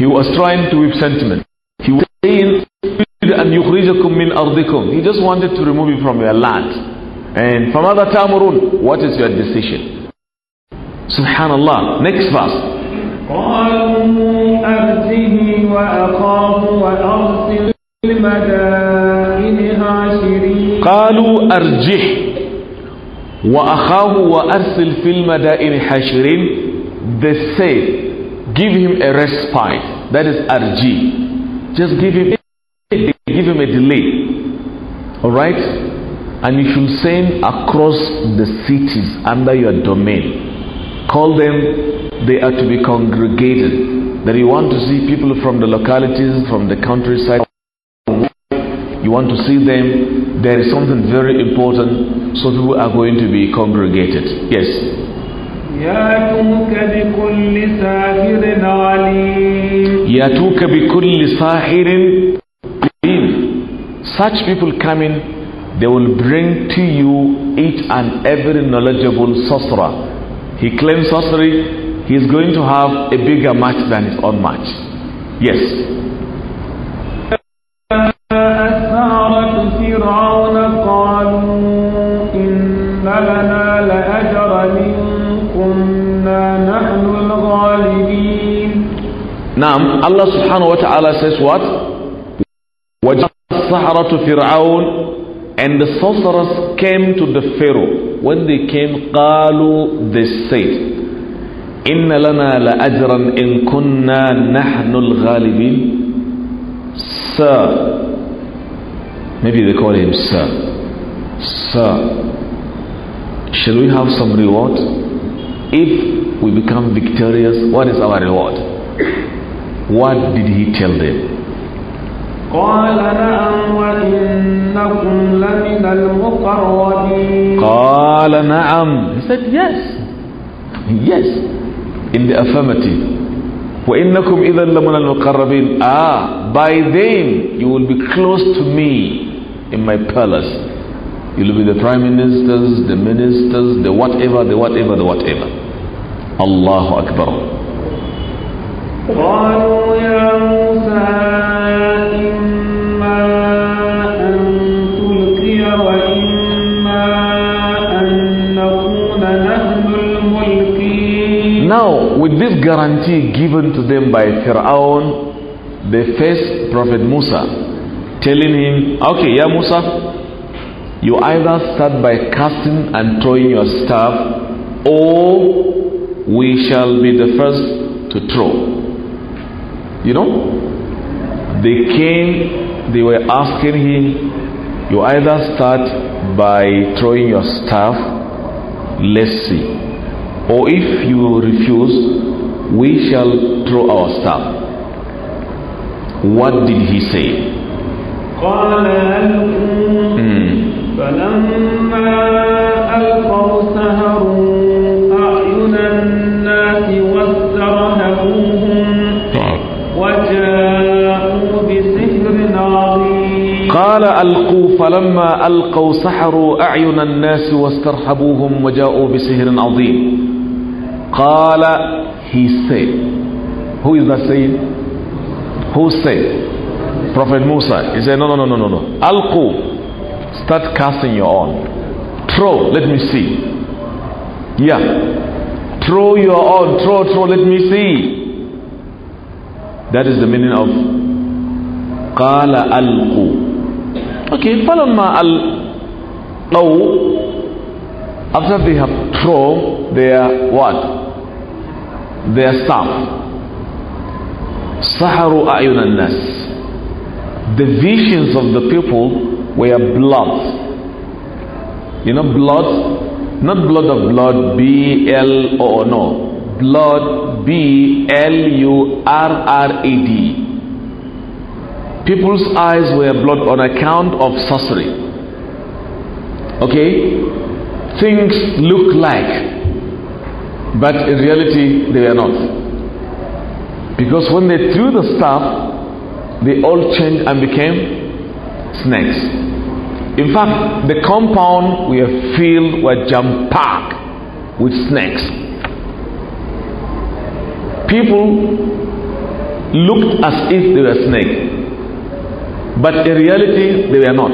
[SPEAKER 1] He was trying to whip sentiment. He was saying, and yukhrijakum min ardikum. He just wanted to remove you from your land. And from other tamurun, what is your decision? Subhanallah. Next verse.
[SPEAKER 2] قالوا أرجه وأخاه وأرسل المدائن هاشرين قالوا أرجه
[SPEAKER 1] وَأَخَاهُ وَأَرْسِلْ فِي الْمَدَائِنِ حَشِرٍ They say, give him a respite. That is RG. Just give him give him a delay. Alright? And you should send across the cities under your domain. Call them, they are to be congregated. That you want to see people from the localities, from the countryside. You want to see them there is something very important, so people are going to be congregated. Yes. Such people coming, they will bring to you each and every knowledgeable sorcerer. He claims sorcery, he is going to have a bigger match than his own match.
[SPEAKER 2] Yes.
[SPEAKER 1] Allah subhanahu wa ta'ala says what? Saharatu Fir'aun and the sorcerers came to the Pharaoh. When they came, قالوا, they said, إن لنا لأجرا إن كنا نحن الغالبين Sir, maybe they call him Sir, Sir, shall we have some reward? If we become victorious, what is our reward? What did he tell them? قال نعم
[SPEAKER 2] He said yes Yes
[SPEAKER 1] In the affirmative وإنكم إذا لمن المقربين Ah By then you will be close to me in my palace You'll be the prime ministers, the ministers, the whatever, the whatever, the whatever. Allah Akbar. Now, with this guarantee given to them by Fir'aun, they first Prophet Musa, telling him, Okay, yeah,
[SPEAKER 3] Musa,
[SPEAKER 1] you either start by casting and throwing your staff, or we shall be the first to throw. You know, they came, they were asking him, You either start by throwing your staff, let's see. Or if you refuse, we shall throw our staff. What did he say?
[SPEAKER 2] Mm.
[SPEAKER 1] قال ألقوا فلما ألقوا سحروا أعين الناس واسترحبوهم وجاءوا بسحر عظيم قال he said who is that saying who said Prophet Musa he said no no no no no no ألقوا start casting your own throw let me see yeah throw your own throw throw let me see that is the meaning of قال ألقوا Okay, Al now after they have thrown their what? Their staff. Saharu ayunan nas. The visions of the people were blood. You know blood? Not blood of blood, B-L-O, no. Blood, B-L-U-R-R-A-D people's eyes were blood on account of sorcery. Okay? Things look like, but in reality, they are not. Because when they threw the stuff, they all changed and became snakes. In fact, the compound we have filled were jam packed with snakes. People looked as if they were snakes but in reality, they were not.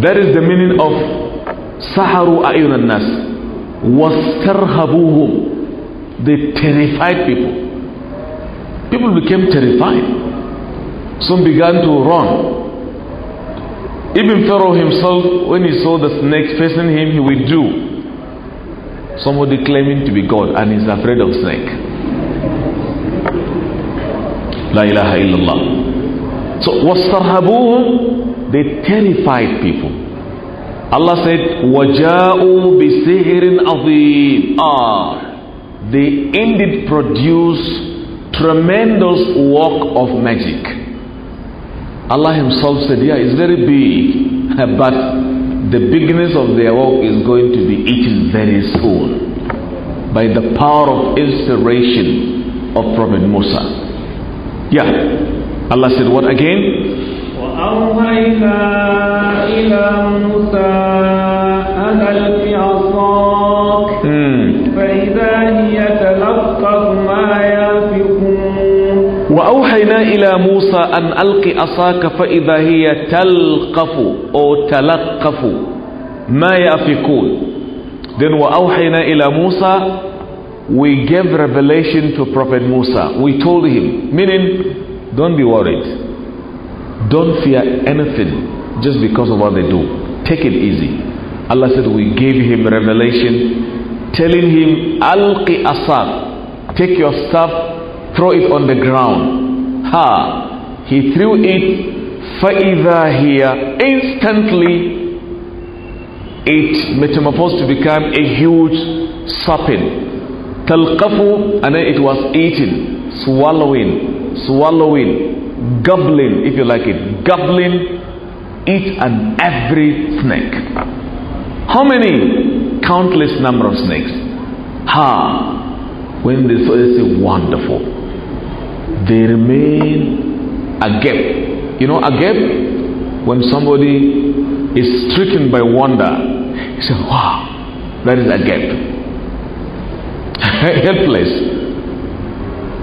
[SPEAKER 1] That is the meaning of Saharu Ayun Nas. Wastarhabuhum. They terrified people. People became terrified. Some began to run. Even Pharaoh himself, when he saw the snake facing him, he withdrew somebody claiming to be God and he's afraid of snake. La ilaha illallah. So wastarhabuhum, they terrified people. Allah said, وَجَاءُوا بِسِحْرٍ عَظِيمٍ Ah, they indeed produce tremendous work of magic. Allah himself said, yeah, it's very big, but the bigness of their work is going to be eaten very soon by the power of inspiration of Prophet Musa. Yeah.
[SPEAKER 2] Allah said what again?
[SPEAKER 1] وأوحينا إلى موسى أن ألقي أصاك فإذا هي تلقف أو تلقف ما يأفكون Then وأوحينا إلى موسى We gave revelation to Prophet Musa. We told him, meaning don't be worried. Don't fear anything just because of what they do. Take it easy. Allah said, We gave him revelation telling him, Alqi asab. Take your staff, throw it on the ground. Ha! He threw it, fa'idha here. Instantly, it metamorphosed to become a huge serpent. Talqafu, and then it was eaten, swallowing swallowing, gobbling, if you like it, gobbling each and every snake. How many? Countless number of snakes. Ha! When they saw it, say, wonderful. They remain agape. You know, agape? When somebody is stricken by wonder, he said, wow, that is agape. Helpless.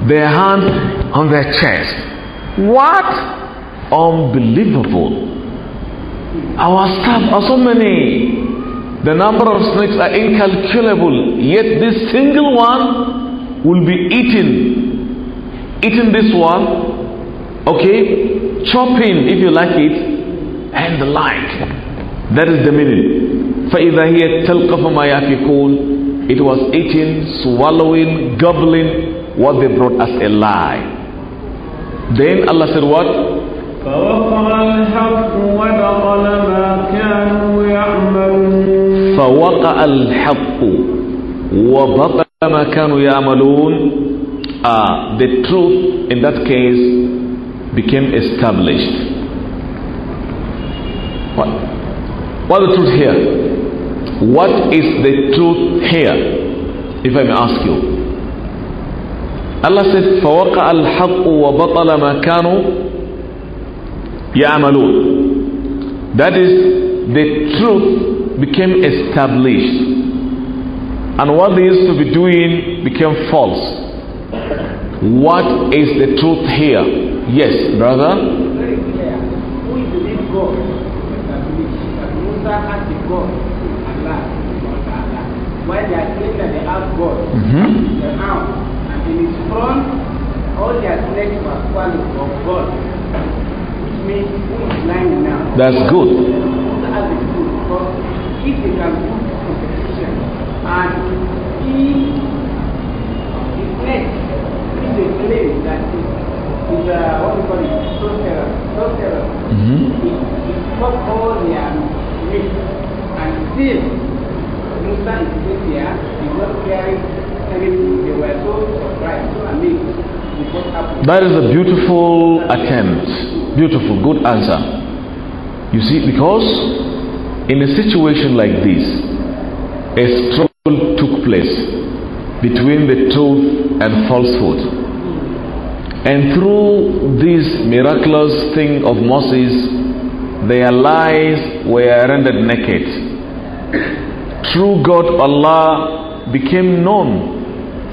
[SPEAKER 1] Their hands on their chest. What? Unbelievable. Our staff are so many. The number of snakes are incalculable. Yet this single one will be eaten. Eating this one, okay, chopping if you like it, and the like. That is the meaning. فَإِذَا هِيَ تَلْقَفُ مَا يَفِكُونَ It was eating, swallowing, gobbling what they brought as a lie. Then Allah said what?
[SPEAKER 2] فوقع الحق
[SPEAKER 1] وبطل ما كانوا يعملون Ah, the truth in that case became established what what the truth here what is the truth here if I may ask you Allah said, فَوَقَعَ الْحَقُّ وَبَطَلَ مَا كَانُوا يَعْمَلُونَ That is, the truth became established. And what they used to be doing became false. What is the truth here? Yes, brother?
[SPEAKER 4] Mm-hmm. in his front all the athletic qualities of God, which means who is lying now. That's good. Who has a good because if they can put competition and he is next is a place that is is uh, what we call it sorcerer sorcerer. Mm-hmm. He, he fought all their myths and still Musa is still there. He's not carrying That
[SPEAKER 1] is a beautiful attempt. Beautiful, good answer. You see, because in a situation like this, a struggle took place
[SPEAKER 3] between the truth and falsehood.
[SPEAKER 1] And through this miraculous thing of Moses, their lies were rendered naked. True God Allah became known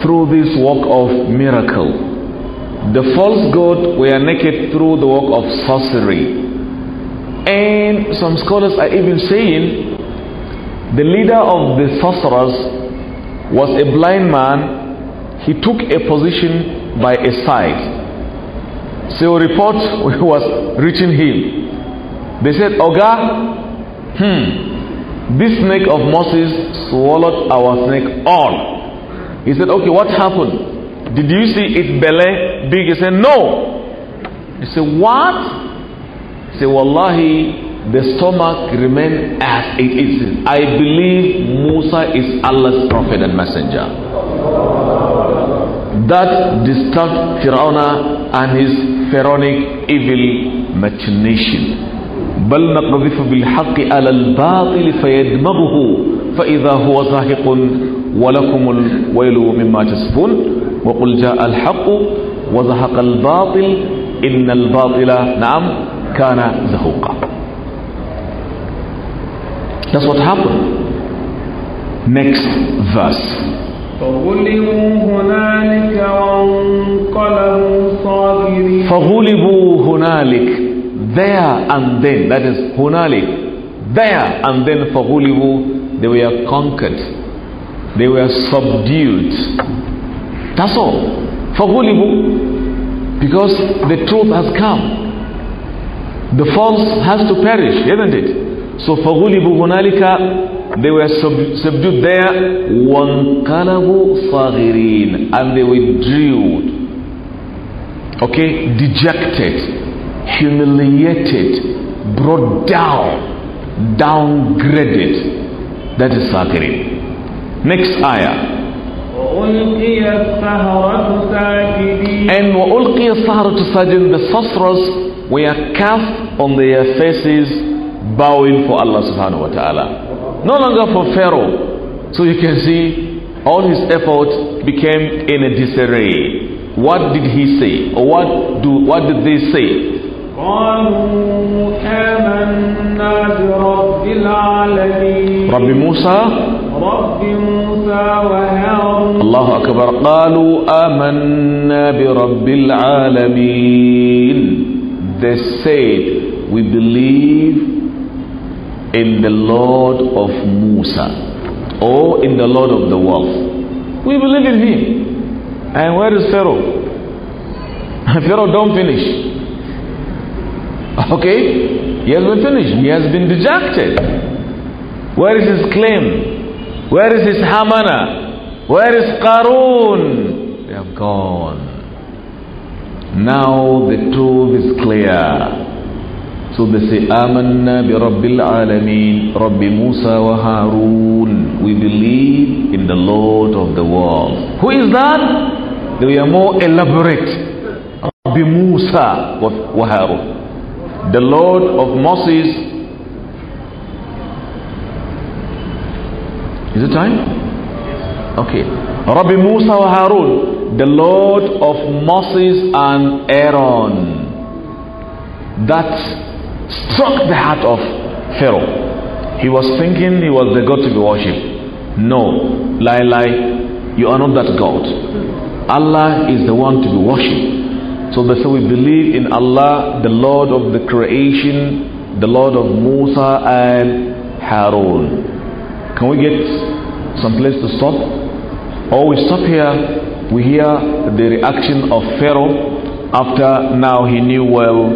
[SPEAKER 1] through this work of miracle. The false god were naked through the work of sorcery. And some scholars are even saying the leader of the sorcerers was a blind man. He took a position by a
[SPEAKER 3] side.
[SPEAKER 1] So a report was reaching him. They said, Oga, hmm, this snake of Moses swallowed our snake all. He said, okay, what happened? Did you see it belay big? He said, no. He said, what? He said, wallahi, the stomach remained as it is. I believe Musa is Allah's prophet and messenger. That disturbed Pharaoh and his pharaonic evil machination. بل نقذف بالحق على الباطل فيدمغه فإذا هو زاهق ولكم الويل مما تسفون وقل جاء الحق وزهق الباطل إن الباطل نعم كان زهوقا That's what happened. Next verse.
[SPEAKER 2] فغلبوا هنالك وانقلبوا صاغرين فغلبوا
[SPEAKER 1] هنالك there and then that is هنالك there and then فغلبوا they were conquered, they were subdued. That's all. For Ghulibu, because the truth has come. The false has to perish, isn't it? So for Ghulibu Hunalika, they were sub- subdued there. Wankalabu Saghirin, and they withdrew. Okay, dejected, humiliated, brought down, downgraded. That is sakirin. Next ayah.
[SPEAKER 2] And وَأُلْقِيَ السَّهَرَةُ Sajin.
[SPEAKER 1] The sorcerers were cast on their faces bowing for Allah subhanahu wa ta'ala. No longer for Pharaoh. So you can see all his effort became in a disarray. What did he say? Or what, do, what did they say?
[SPEAKER 2] قالوا آمنا برب العالمين رب موسى رب موسى وهارون الله أكبر
[SPEAKER 1] قالوا آمنا برب العالمين They said we believe in the Lord of Musa or in the Lord of the world.
[SPEAKER 3] We believe in him.
[SPEAKER 1] And where is Pharaoh? Pharaoh don't finish. Okay? He has been finished. He has been rejected. Where is his claim? Where is his Hamana? Where is Karun? They have gone. Now the truth is clear. So they say, Amanna bi Rabbil Alameen, Rabbi Musa wa Harun. We believe in the Lord of the world. Who is that? They are more elaborate. Rabbi Musa wa Harun the Lord of Moses. Is it time? Okay. Rabbi Musa wa Harun, the Lord of Moses and Aaron. That struck the heart of Pharaoh. He was thinking he was the God to be worshipped. No, lie, lie, you are not that God. Allah is the one to be worshipped. So they say we believe in Allah, the Lord of the creation, the Lord of Musa and Harun. Can we get some place to stop? Or we stop here, we hear the reaction of Pharaoh after now he knew well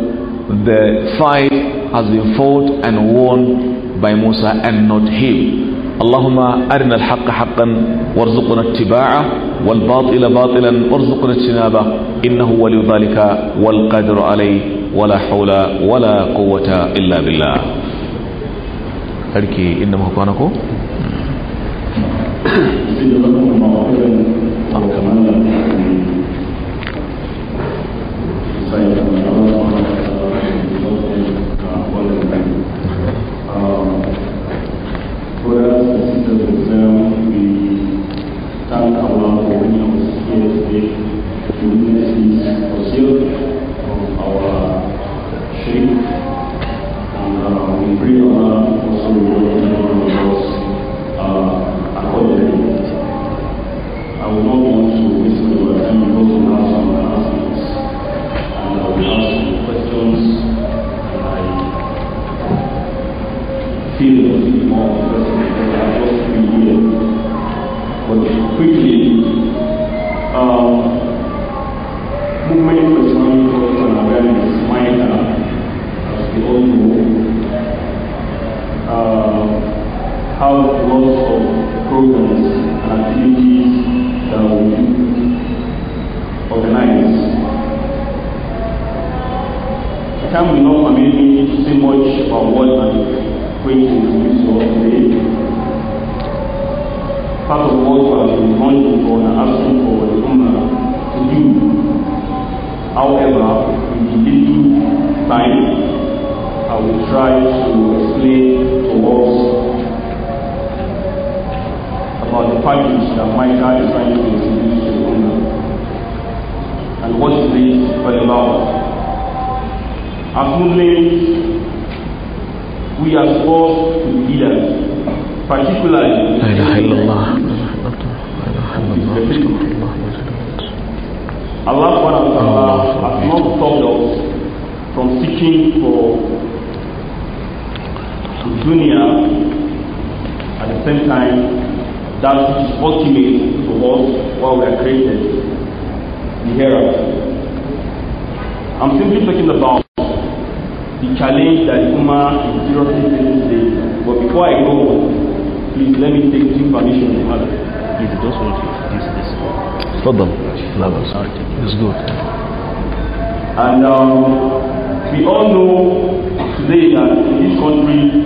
[SPEAKER 1] the fight has been fought and won by Musa and not him. اللهم أرنا الحق حقا وارزقنا اتباعه والباطل باطلا وارزقنا اجتنابه إنه ولي ذلك والقدر عليه ولا حول ولا قوة إلا بالله إنما هو كانكو
[SPEAKER 4] when we are created, the hereafter. I'm simply talking about the challenge that Uma is seriously facing today. But before I go on, please let me take due permission to have it. If you just want to
[SPEAKER 1] problem, this. Further,
[SPEAKER 4] flowers. It's good. And um, we all know today that in this country,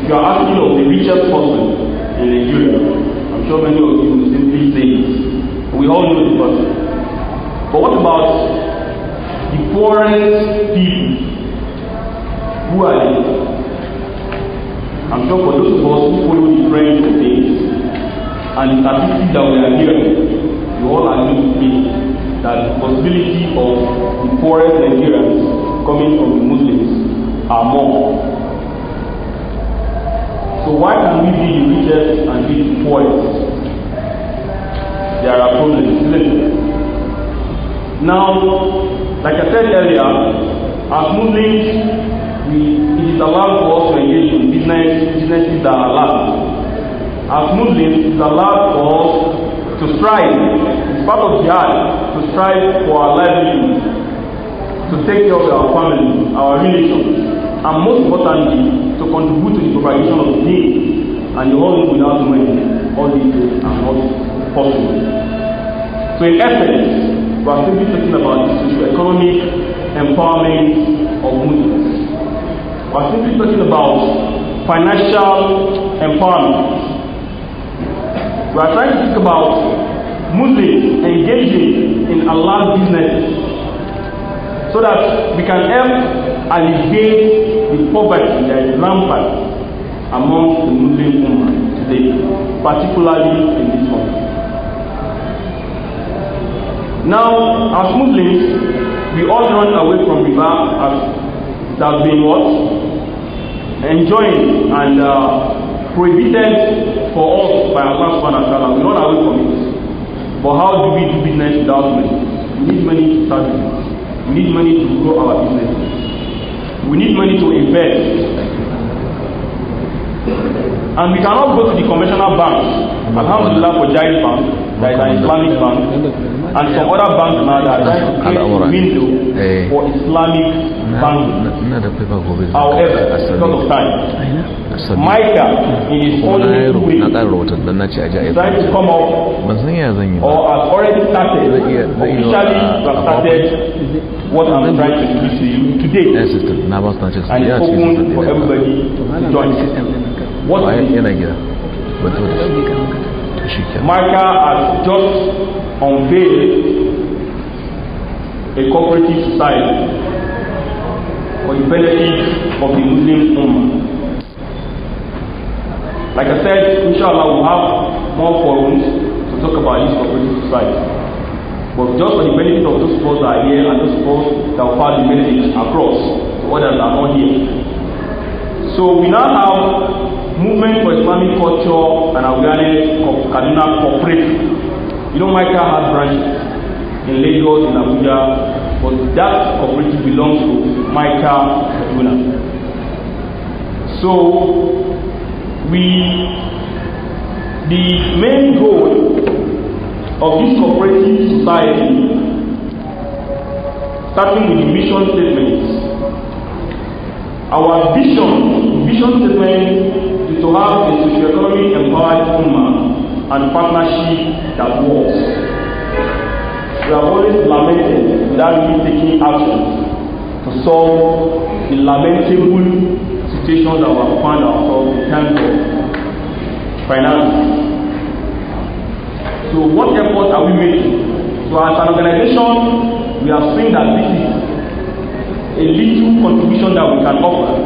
[SPEAKER 4] if you are asking of the richest person in Nigeria, so many of you simply things we all know the person. But what about the poorest people? Who are they? I'm sure for those of us who follow the trend of things and the statistics that we are hearing, you all agree with me that the possibility of the poorest Nigerians coming from the Muslims are more So why can we be the richest and be the poorest? There are problems. Now, like I said earlier, as Muslims, we, it is allowed for us to engage in business, businesses that are allowed. As Muslims, it is allowed for us to strive. It's part of jihad to strive for our livelihood, to take care of our family, our relations, and most importantly, to contribute to the propagation of the deen and you all without money all these and all not possible so in essence we are simply talking about the socio-economic empowerment of muslims we are simply talking about financial empowerment we are trying to think about Muslims engaging in Allah's business so that we can help alleviate the poverty that is rampant among the Muslim women today, particularly in this country. Now, as Muslims, we all run away from riba as it has been what? Enjoined and uh, prohibited for us by Allah subhanahu wa ta'ala. We run away from it. But how do we do business without money? We need money to start business. We need money to grow our business. We need money to invest. And we cannot go to the conventional banks. Alhamdulillah for Jai Bank, there is an Islamic bank, and some other banks now that are trying window for Islamic banking. However, because of time, Micah
[SPEAKER 1] in his own way is trying to come up
[SPEAKER 4] or has already started Officially, we uh, have started
[SPEAKER 3] what I'm trying to do to you
[SPEAKER 1] today. And it's open
[SPEAKER 3] for everybody to
[SPEAKER 4] join. What is it? Micah has just unveiled a cooperative society for the benefit of the Muslim Ummah. Like I said, inshallah, we'll have more forums to talk about this cooperative society. But just for the benefit of those folks that are here and those folks us that will pass the message across to others that are not here. So we now have movement for Islamic culture and awareness of Kaduna Corporate. You know, Michael has branches in Lagos, in Abuja, but that corporate belongs to Michael Kaduna. So we the main goal of this cooperative society starting with the mission statement our vision vision statement is to have a socio-economic empowered woman and partnership that works we have always lamented without really taking action to solve the lamentable situation that we have found ourselves in terms of finance So what efforts are we making? So as an organization, we have seen that this is
[SPEAKER 3] a little contribution that we can offer.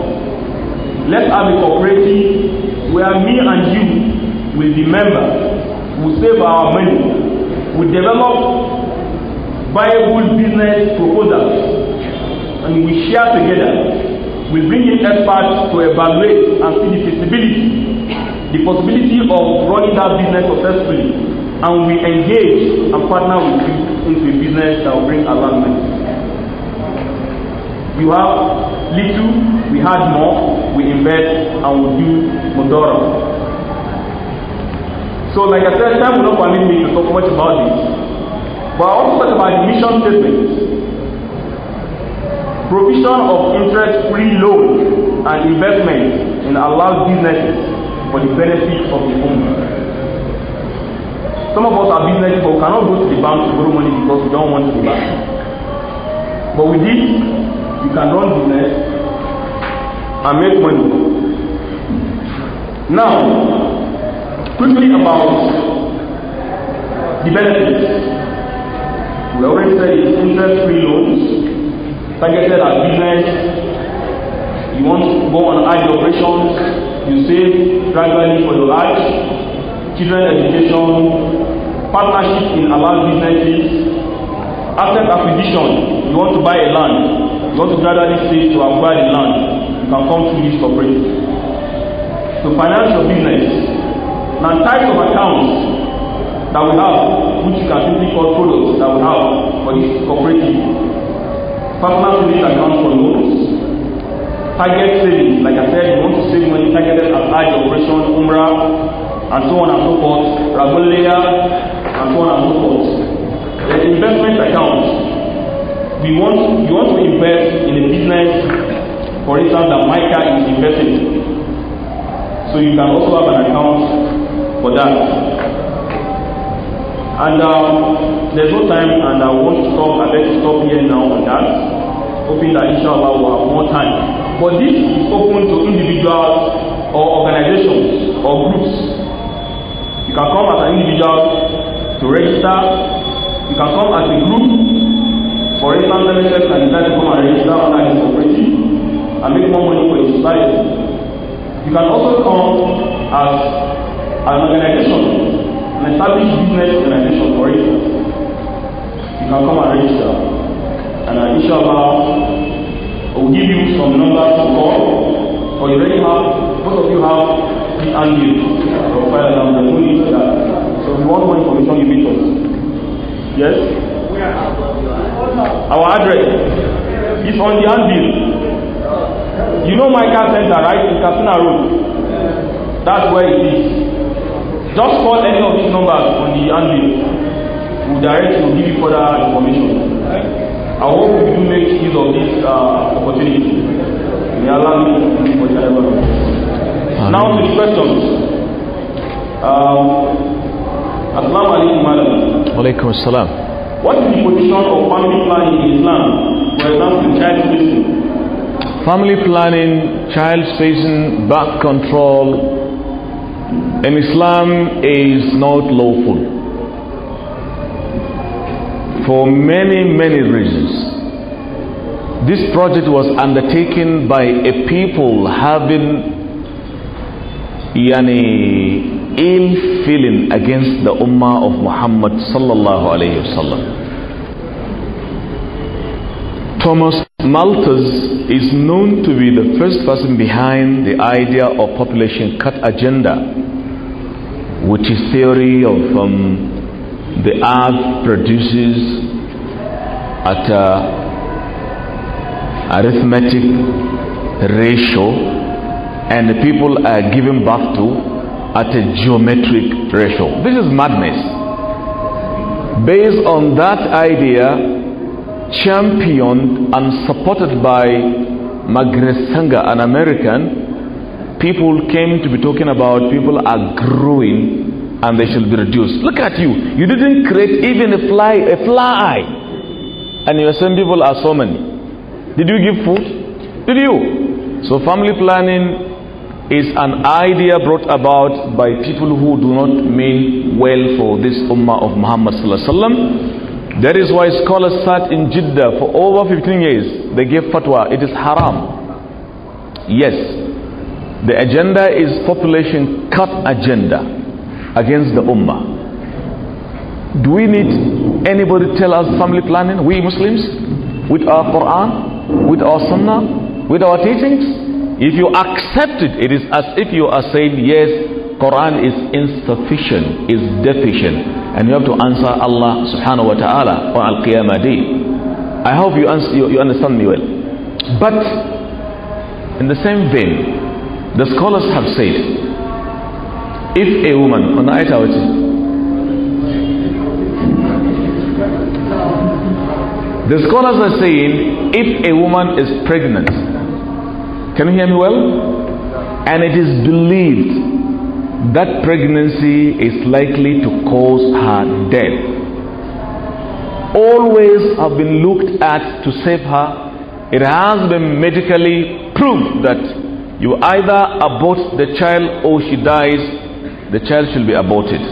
[SPEAKER 4] Let's have a cooperative where me and you will be members, will save our money, will develop viable business proposals, and we share together we bring in experts to evaluate and see the feasibility the possibility of running that business successfully and we engage and partner with you into a business that will bring alignment. You have little, we had more, we invest and we do modora. So like I said, time will not permit me to talk much about this. But I also to talk about the mission statement. Provision of interest-free loan and investment in allowed businesses for the benefit of the owner. Some of us are business people cannot go to the bank to borrow money because we don't want to be back. But with this, you can run business and make money. Now, quickly about the benefits. We already said it's interest-free loans targeted at business you want to go on high operations, you save gradually for your life, children education, partnership in allowed businesses after acquisition you want to buy a land you want to gradually save to acquire the land you can come through this cooperative to finance your business na types of accounts that we have which you can simply call products that we have for this cooperative partner savings account for loans target savings like i said you want to save money targeted at high operation umrah and so on and so forth ragun and so on and so forth. The investment account. We want you want to invest in a business, for instance, that Micah is investing. So you can also have an account for that. And um, there's no time, and I want to stop. I better stop here now on that, hoping that inshallah we'll have more time. But this is open to individuals or organizations or groups. You can come as an individual to register. You can come as a group. For instance, MSF can decide to come and register under his cooperative and make more money for the society. You can also come as an organization, an established business organization, for it, You can come and register. And uh, inshallah, I will give you some numbers to call. For you already have, both of you have the annual. Profile and the money that So if you want more information, you meet us. Yes? Our address is on the anvil. You know Michael Center, right? In Katsina Road. That's where it is. Just call any of these numbers on the anvil We'll direct you, give you further information. I hope you do make use of this uh, opportunity. May Allah make you for the Now to the questions. Um, Assalamu alaikum, madam. assalam. What is the position of family planning in Islam? For example, child spacing.
[SPEAKER 1] Family planning, child spacing, birth control in Islam is not lawful for many, many reasons. This project was undertaken by a people having yani ill feeling against the ummah of Muhammad sallallahu alayhi wasallam. Thomas Malthus is known to be the first person behind the idea of population cut agenda, which is theory of um, the earth produces at a arithmetic ratio and people are given birth to at a geometric ratio. This is madness. Based on that idea, championed and supported by Magnus Sanger, an American, people came to be talking about people are growing and they should be reduced. Look at you. You didn't create even a fly, a fly. And you are saying people are so many. Did you give food? Did you? So family planning is an idea brought about by people who do not mean well for this ummah of Muhammad That is why scholars sat in Jeddah for over 15 years. They gave fatwa. It is haram. Yes, the agenda is population cut agenda against the ummah. Do we need anybody tell us family planning? We Muslims, with our Quran, with our Sunnah, with our
[SPEAKER 3] teachings?
[SPEAKER 1] If you accept it, it is as if you are saying, yes, Quran is insufficient, is deficient. And you have to answer Allah subhanahu wa ta'ala on Al-Qiyamah Day. I hope you, answer, you, you understand me well. But in the same vein, the scholars have said, if a woman, on the the scholars are saying if a woman is pregnant can you hear me well? And it is believed that pregnancy is likely to cause her death. All ways have been looked at to save her. It has been medically proved that you either abort the child or she dies, the child should be aborted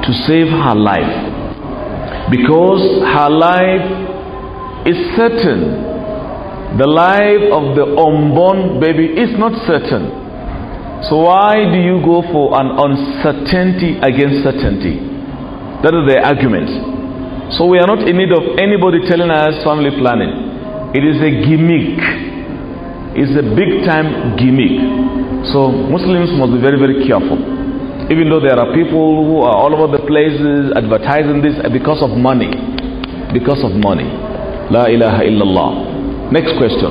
[SPEAKER 1] to save her life because her life is certain the life of the unborn baby is not certain. So why do you go for an uncertainty against certainty? That is the argument. So we are not in need of anybody telling us family planning. It is a gimmick. It's a big time gimmick. So Muslims must be very, very careful. Even though there are people who are all over the places advertising this because of money. Because of money. La ilaha illallah. Next question.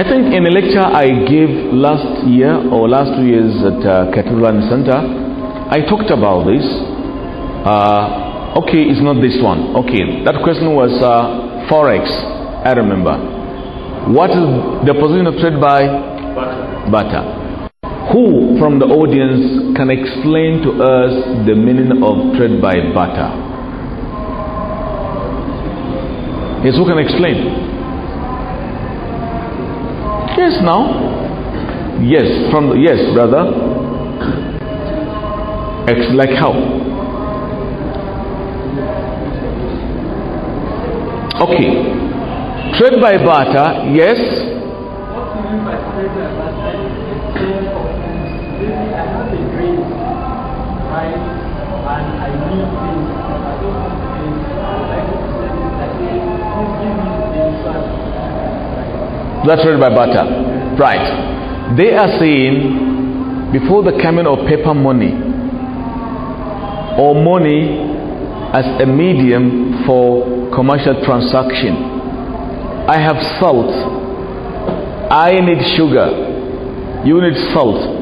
[SPEAKER 1] I think in a lecture I gave last year or last two years at uh, Center, I talked about this. Uh, okay, it's not this one. Okay, that question was uh, Forex. I remember. What is the position of trade by? Butter. Butter who from the audience can explain to us the meaning of trade by butter?
[SPEAKER 3] Yes, who can explain?
[SPEAKER 1] Yes, now. Yes, from the, yes, brother.
[SPEAKER 3] Ex like how?
[SPEAKER 1] Okay.
[SPEAKER 3] Trade by butter.
[SPEAKER 1] yes. separated by butter.
[SPEAKER 3] Right. They are
[SPEAKER 1] saying before the coming of paper money or money as a medium for commercial transaction, I have salt. I need sugar. You need salt.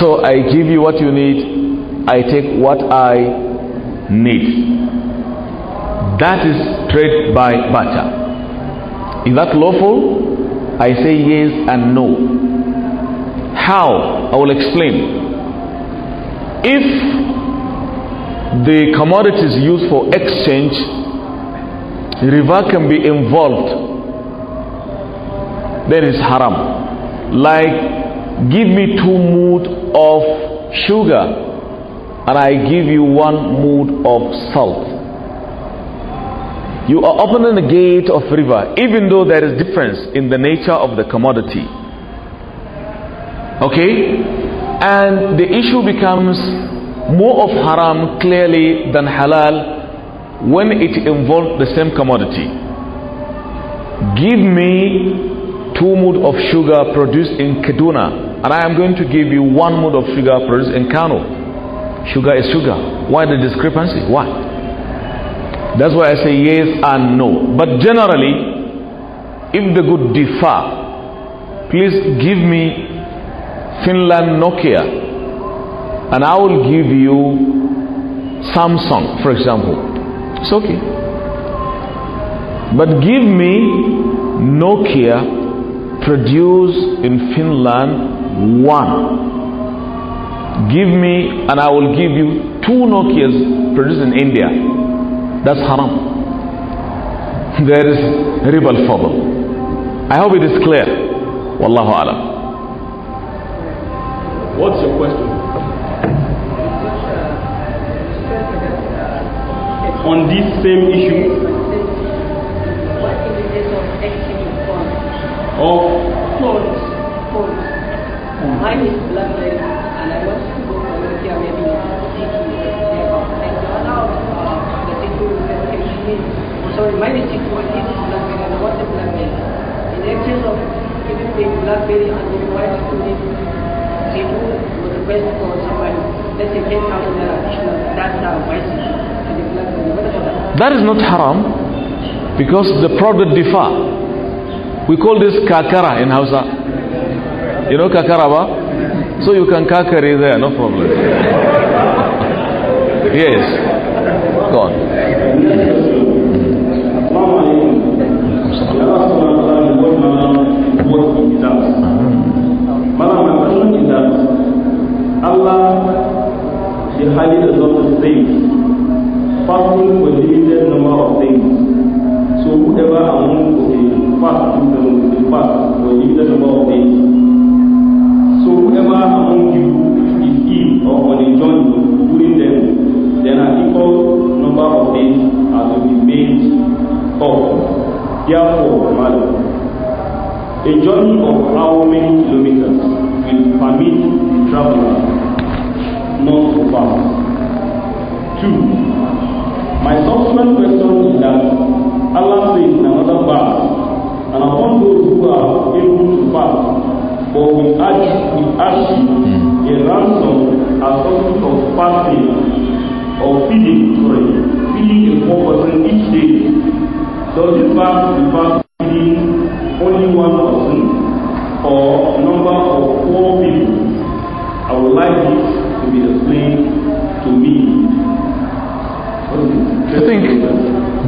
[SPEAKER 1] So I give you what you need. I take what I need that is trade by butter. Is that lawful? I say yes and no. How? I will explain.
[SPEAKER 3] If
[SPEAKER 1] the commodity is used for exchange, river can be involved. it's haram. Like, give me two mood of sugar, and I give you one mood of salt you are opening the gate of river even though there is difference in the nature of the commodity okay and the issue becomes more of haram clearly than halal when it involves the same commodity give me two mood of sugar produced in kaduna and i am going to give you one mood of sugar produced in kano sugar is sugar why the discrepancy why that's why I say yes and no. But generally, if they could differ, please give me Finland Nokia and I will give you Samsung, for example. It's okay. But give me Nokia produced in Finland one give me and I will give you two Nokias produced in India. That's haram. There is riba al-fadl. I hope it is clear. Wallahu alam.
[SPEAKER 4] What's your question? On this same issue. Of Mine is black and I want my district, blackberry and blackberry? In of giving the blackberry and the white student, they do for somebody, let's say 10,000 naira additional, that's our vice the blackberry. What about
[SPEAKER 1] that? That is not haram because the product differ. We call this kakara in Hausa. You know kakara ba? So you can kakari there, no problem. yes. Go on.
[SPEAKER 4] Allah, He highly exalted things. Fasting was limited number of things. So whoever among okay, fast to them will fast for limited number of things. So whoever among you is ill or on a journey during them, then are equal number of days as to be made up. Therefore, madam, a journey of how many kilometers will permit travel not so far. Two, my subsequent question is that Allah says in another verse, and upon those who are able to pass, but we ask, we ask you a ransom as something of passing or feeding, sorry, feeding a poor person each day. So this verse refers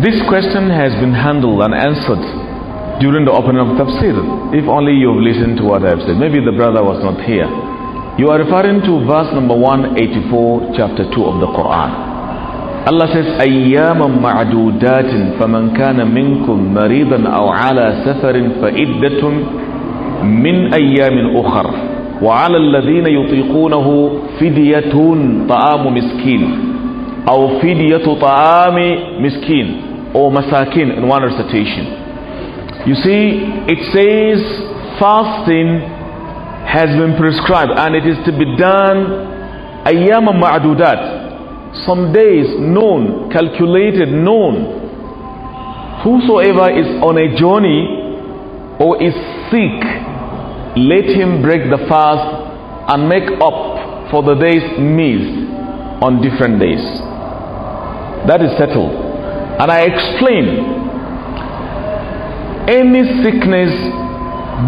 [SPEAKER 1] This question has been handled and answered during the opening of tafsir. If only you've listened to what I've said. Maybe the brother was not here. You are referring to verse number 184, chapter 2 of the Quran. Allah says أياما معدودات فمن كان منكم مريضا أو على سفر فإدة من أيام أخر وعلى الذين يطيقونه فدية طعام مسكين أو فدية طعام مسكين or masakin in one recitation. You see, it says fasting has been prescribed and it is to be done ayyam ma'adudat. Some days known, calculated, known. Whosoever is on a journey or is sick, let him break the fast and make up for the days missed on different days. That is settled. And I explain any sickness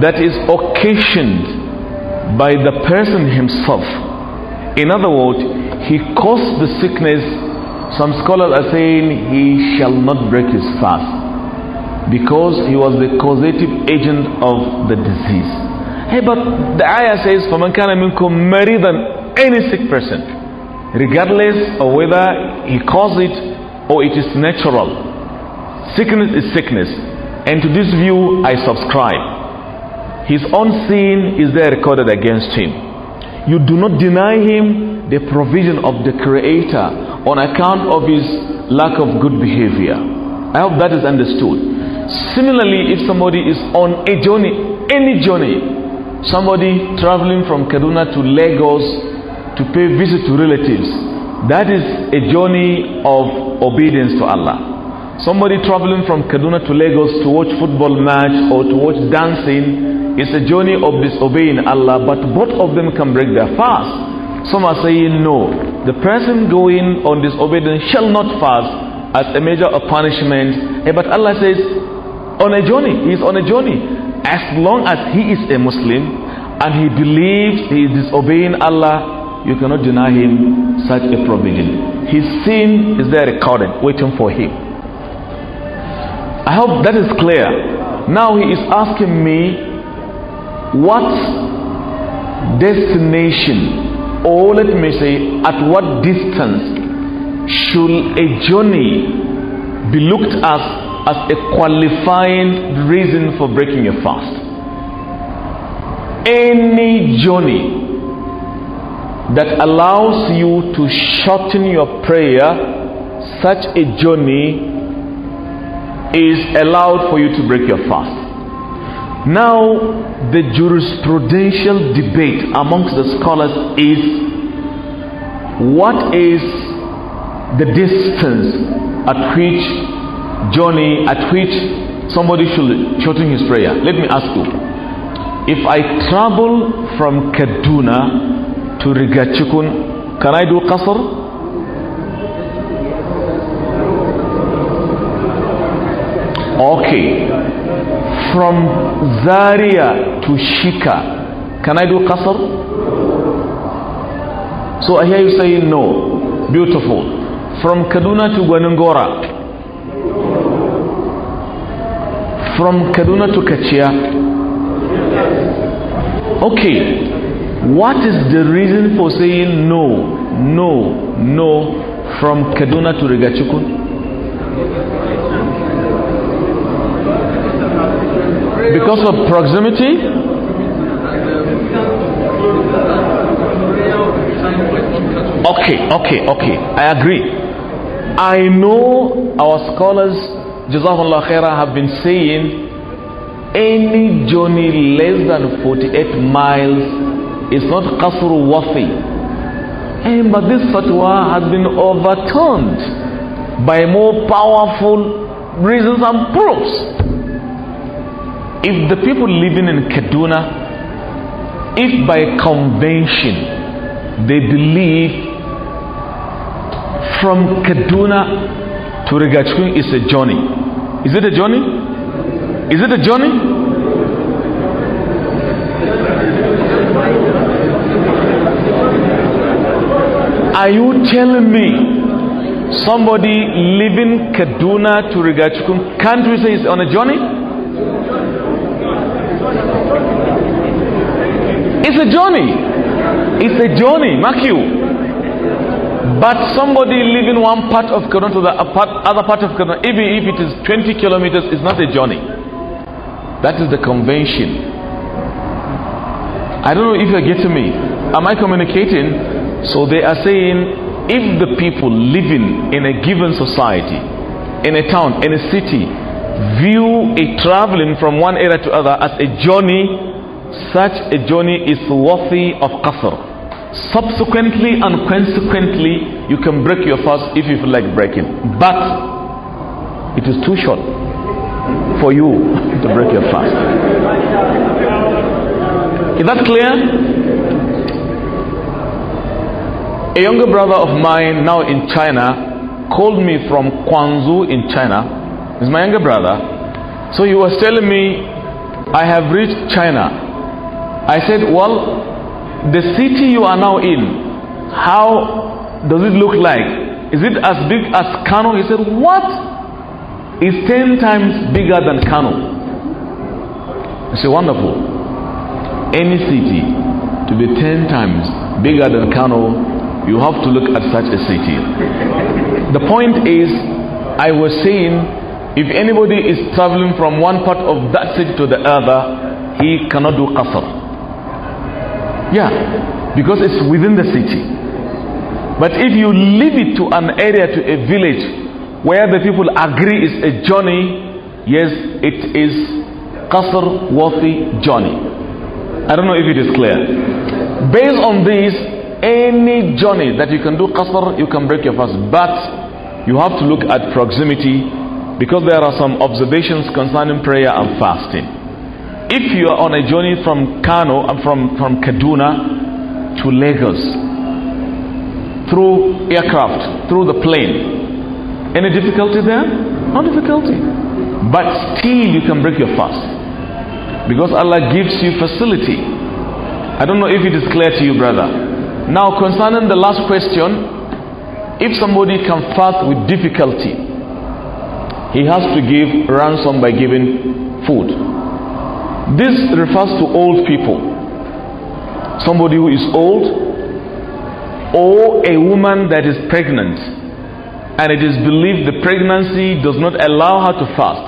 [SPEAKER 1] that is occasioned by the person himself. In other words, he caused the sickness. Some scholars are saying he shall not break his fast because he was the causative agent of the disease. Hey, but the ayah says, "For kana minkum married than any sick person, regardless of whether he caused it or it is natural. Sickness is sickness. And to this view, I subscribe. His own sin is there recorded against him. You do not deny him the provision of the Creator on account of his lack of good behavior. I hope that is understood. Similarly, if somebody is on a journey, any journey, somebody traveling from Kaduna to Lagos to pay visit to relatives, that is a journey of obedience to Allah. Somebody traveling from Kaduna to Lagos to watch football match or to watch dancing is a journey of disobeying Allah, but both of them can break their fast. Some are saying no. The person going on disobedience shall not fast as a measure of punishment. Eh, but Allah says, on a journey, he is on a journey. As long as he is a Muslim and he believes he is disobeying Allah, you cannot deny him such a provision. His sin is there recorded, waiting for him. I hope that is clear. Now he is asking me what destination, or let me say, at what distance should a journey be looked at as a qualifying reason for breaking a fast? Any journey that allows you to shorten your prayer, such a journey is allowed for you to break your fast. Now, the jurisprudential debate amongst the scholars is what is the distance at which journey, at
[SPEAKER 3] which
[SPEAKER 1] somebody should shorten his prayer? Let me ask you. If I travel from Kaduna to chukun. Can I do Qasr? Okay. From Zaria to Shika, can I do Qasr? So I hear you saying no. Beautiful. From Kaduna to Gwanangora. From Kaduna to Kachia. Okay. What is the reason for saying no, no, no from Kaduna to Rigachukun? Because of proximity? Okay, okay, okay. I agree. I know our scholars, Jazakallah Khairah, have been saying any journey less than 48 miles it's not qasr wafi. And but this fatwa has been overturned by more powerful reasons and
[SPEAKER 3] proofs.
[SPEAKER 1] If the people living in Kaduna, if by convention they believe from Kaduna to Rigachkun is a journey. Is it a journey? Is it a journey? Are you telling me somebody leaving Kaduna to Rigachukun can't we say he's on a journey? It's a journey. It's a journey, mark you. But somebody leaving one part of Kaduna to the other part of Kaduna, even if it is 20 kilometers, is not a journey. That is the convention. I don't know if you're getting me. Am I communicating? So they are saying if the people living in a given society, in a town, in a city, view a traveling from one area to other as a journey, such a journey is worthy of qasr. Subsequently and consequently, you can break your fast if you feel like breaking. But it is too short for you to break your fast.
[SPEAKER 4] Is that clear?
[SPEAKER 1] A younger brother of mine now in China called me from Quanzhou in China. He's my younger brother. So he was telling me, I have reached China. I said, Well, the city you are now in,
[SPEAKER 3] how
[SPEAKER 1] does it look like? Is it as big as Kano? He said, What? It's 10 times bigger than Kano. I said, Wonderful. Any city to be 10 times bigger than Kano you have to look at such a city. The point is, I was saying, if anybody is traveling from one part of that city to the other, he cannot do qasr. Yeah, because it's within the city. But if you leave it to an area, to a village, where the people agree is a journey, yes, it is qasr worthy journey. I don't know if it is clear. Based on this, any journey that you can do qasr, you can break your fast. But you have to look at proximity because there are some observations concerning prayer and fasting. If you are on a journey from Kano and uh, from, from Kaduna to Lagos, through aircraft, through the plane, any difficulty there? No difficulty. But still you can break your fast. Because Allah gives you facility. I don't know if it is clear to you, brother. Now, concerning the last question, if somebody can fast with difficulty, he has to give ransom by giving food. This refers to old people. Somebody who is old, or a woman that is pregnant, and it is believed the pregnancy does not allow her to fast.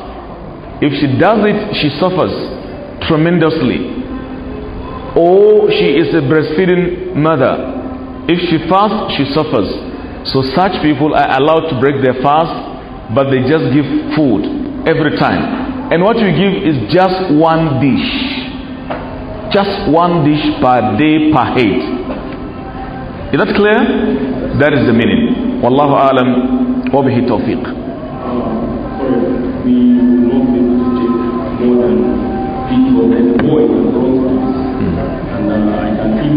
[SPEAKER 1] If she does it, she suffers tremendously or oh, she is a breastfeeding mother. If she fasts, she suffers. So such people are allowed to break their fast, but they just give food every time. And what you give is just one dish. Just one dish per day per head. Is that clear? That is the meaning. Wallahu alam wa bihi tawfiq.
[SPEAKER 4] Sorry, we will not be able to take more than people at boys.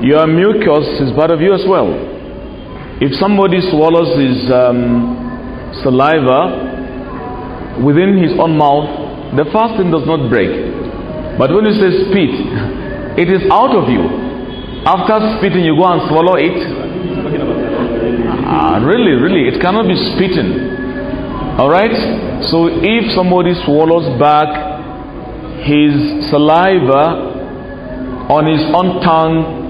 [SPEAKER 1] Your mucus is part of you as well. If somebody swallows his um, saliva within his own mouth, the fasting does not break. But when you say spit, it is out of you. After spitting, you go and swallow it. Ah, really, really, it cannot be spitting. All right? So if somebody swallows back his saliva on his own tongue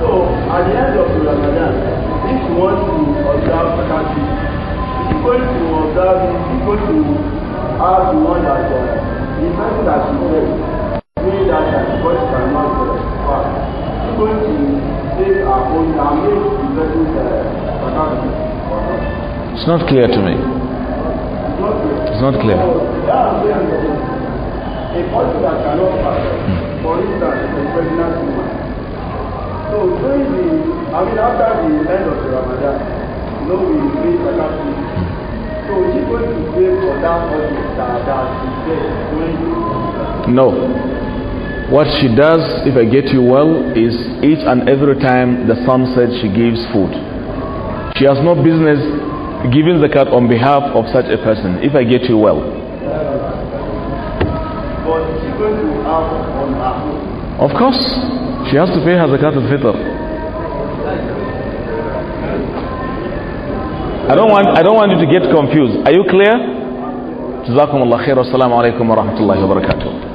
[SPEAKER 4] So at the end of the Ramadan, if you want to observe Kati, it's going to observe, it's going to have the one that uh, the person that you pray, meaning that the voice cannot pass. It's going to take our own and make the person's uh, Kati.
[SPEAKER 1] It's not clear to me.
[SPEAKER 4] It's not clear. It's not clear. A person that cannot pass, for instance, a pregnant woman. So during the, I mean after the end of the Ramadan, you know we pray Zakat So is it going to pay for that audience that, that is there during the
[SPEAKER 1] No. What she does, if I get you well, is each and every time the sun sets, she gives food. She has no business giving the card on behalf of such a person, if I get you well.
[SPEAKER 4] Of course. She has to pay her
[SPEAKER 1] zakat al-fitr. I don't want I don't want you to get confused. Are you clear? جزاكم الله خير والسلام عليكم ورحمة الله وبركاته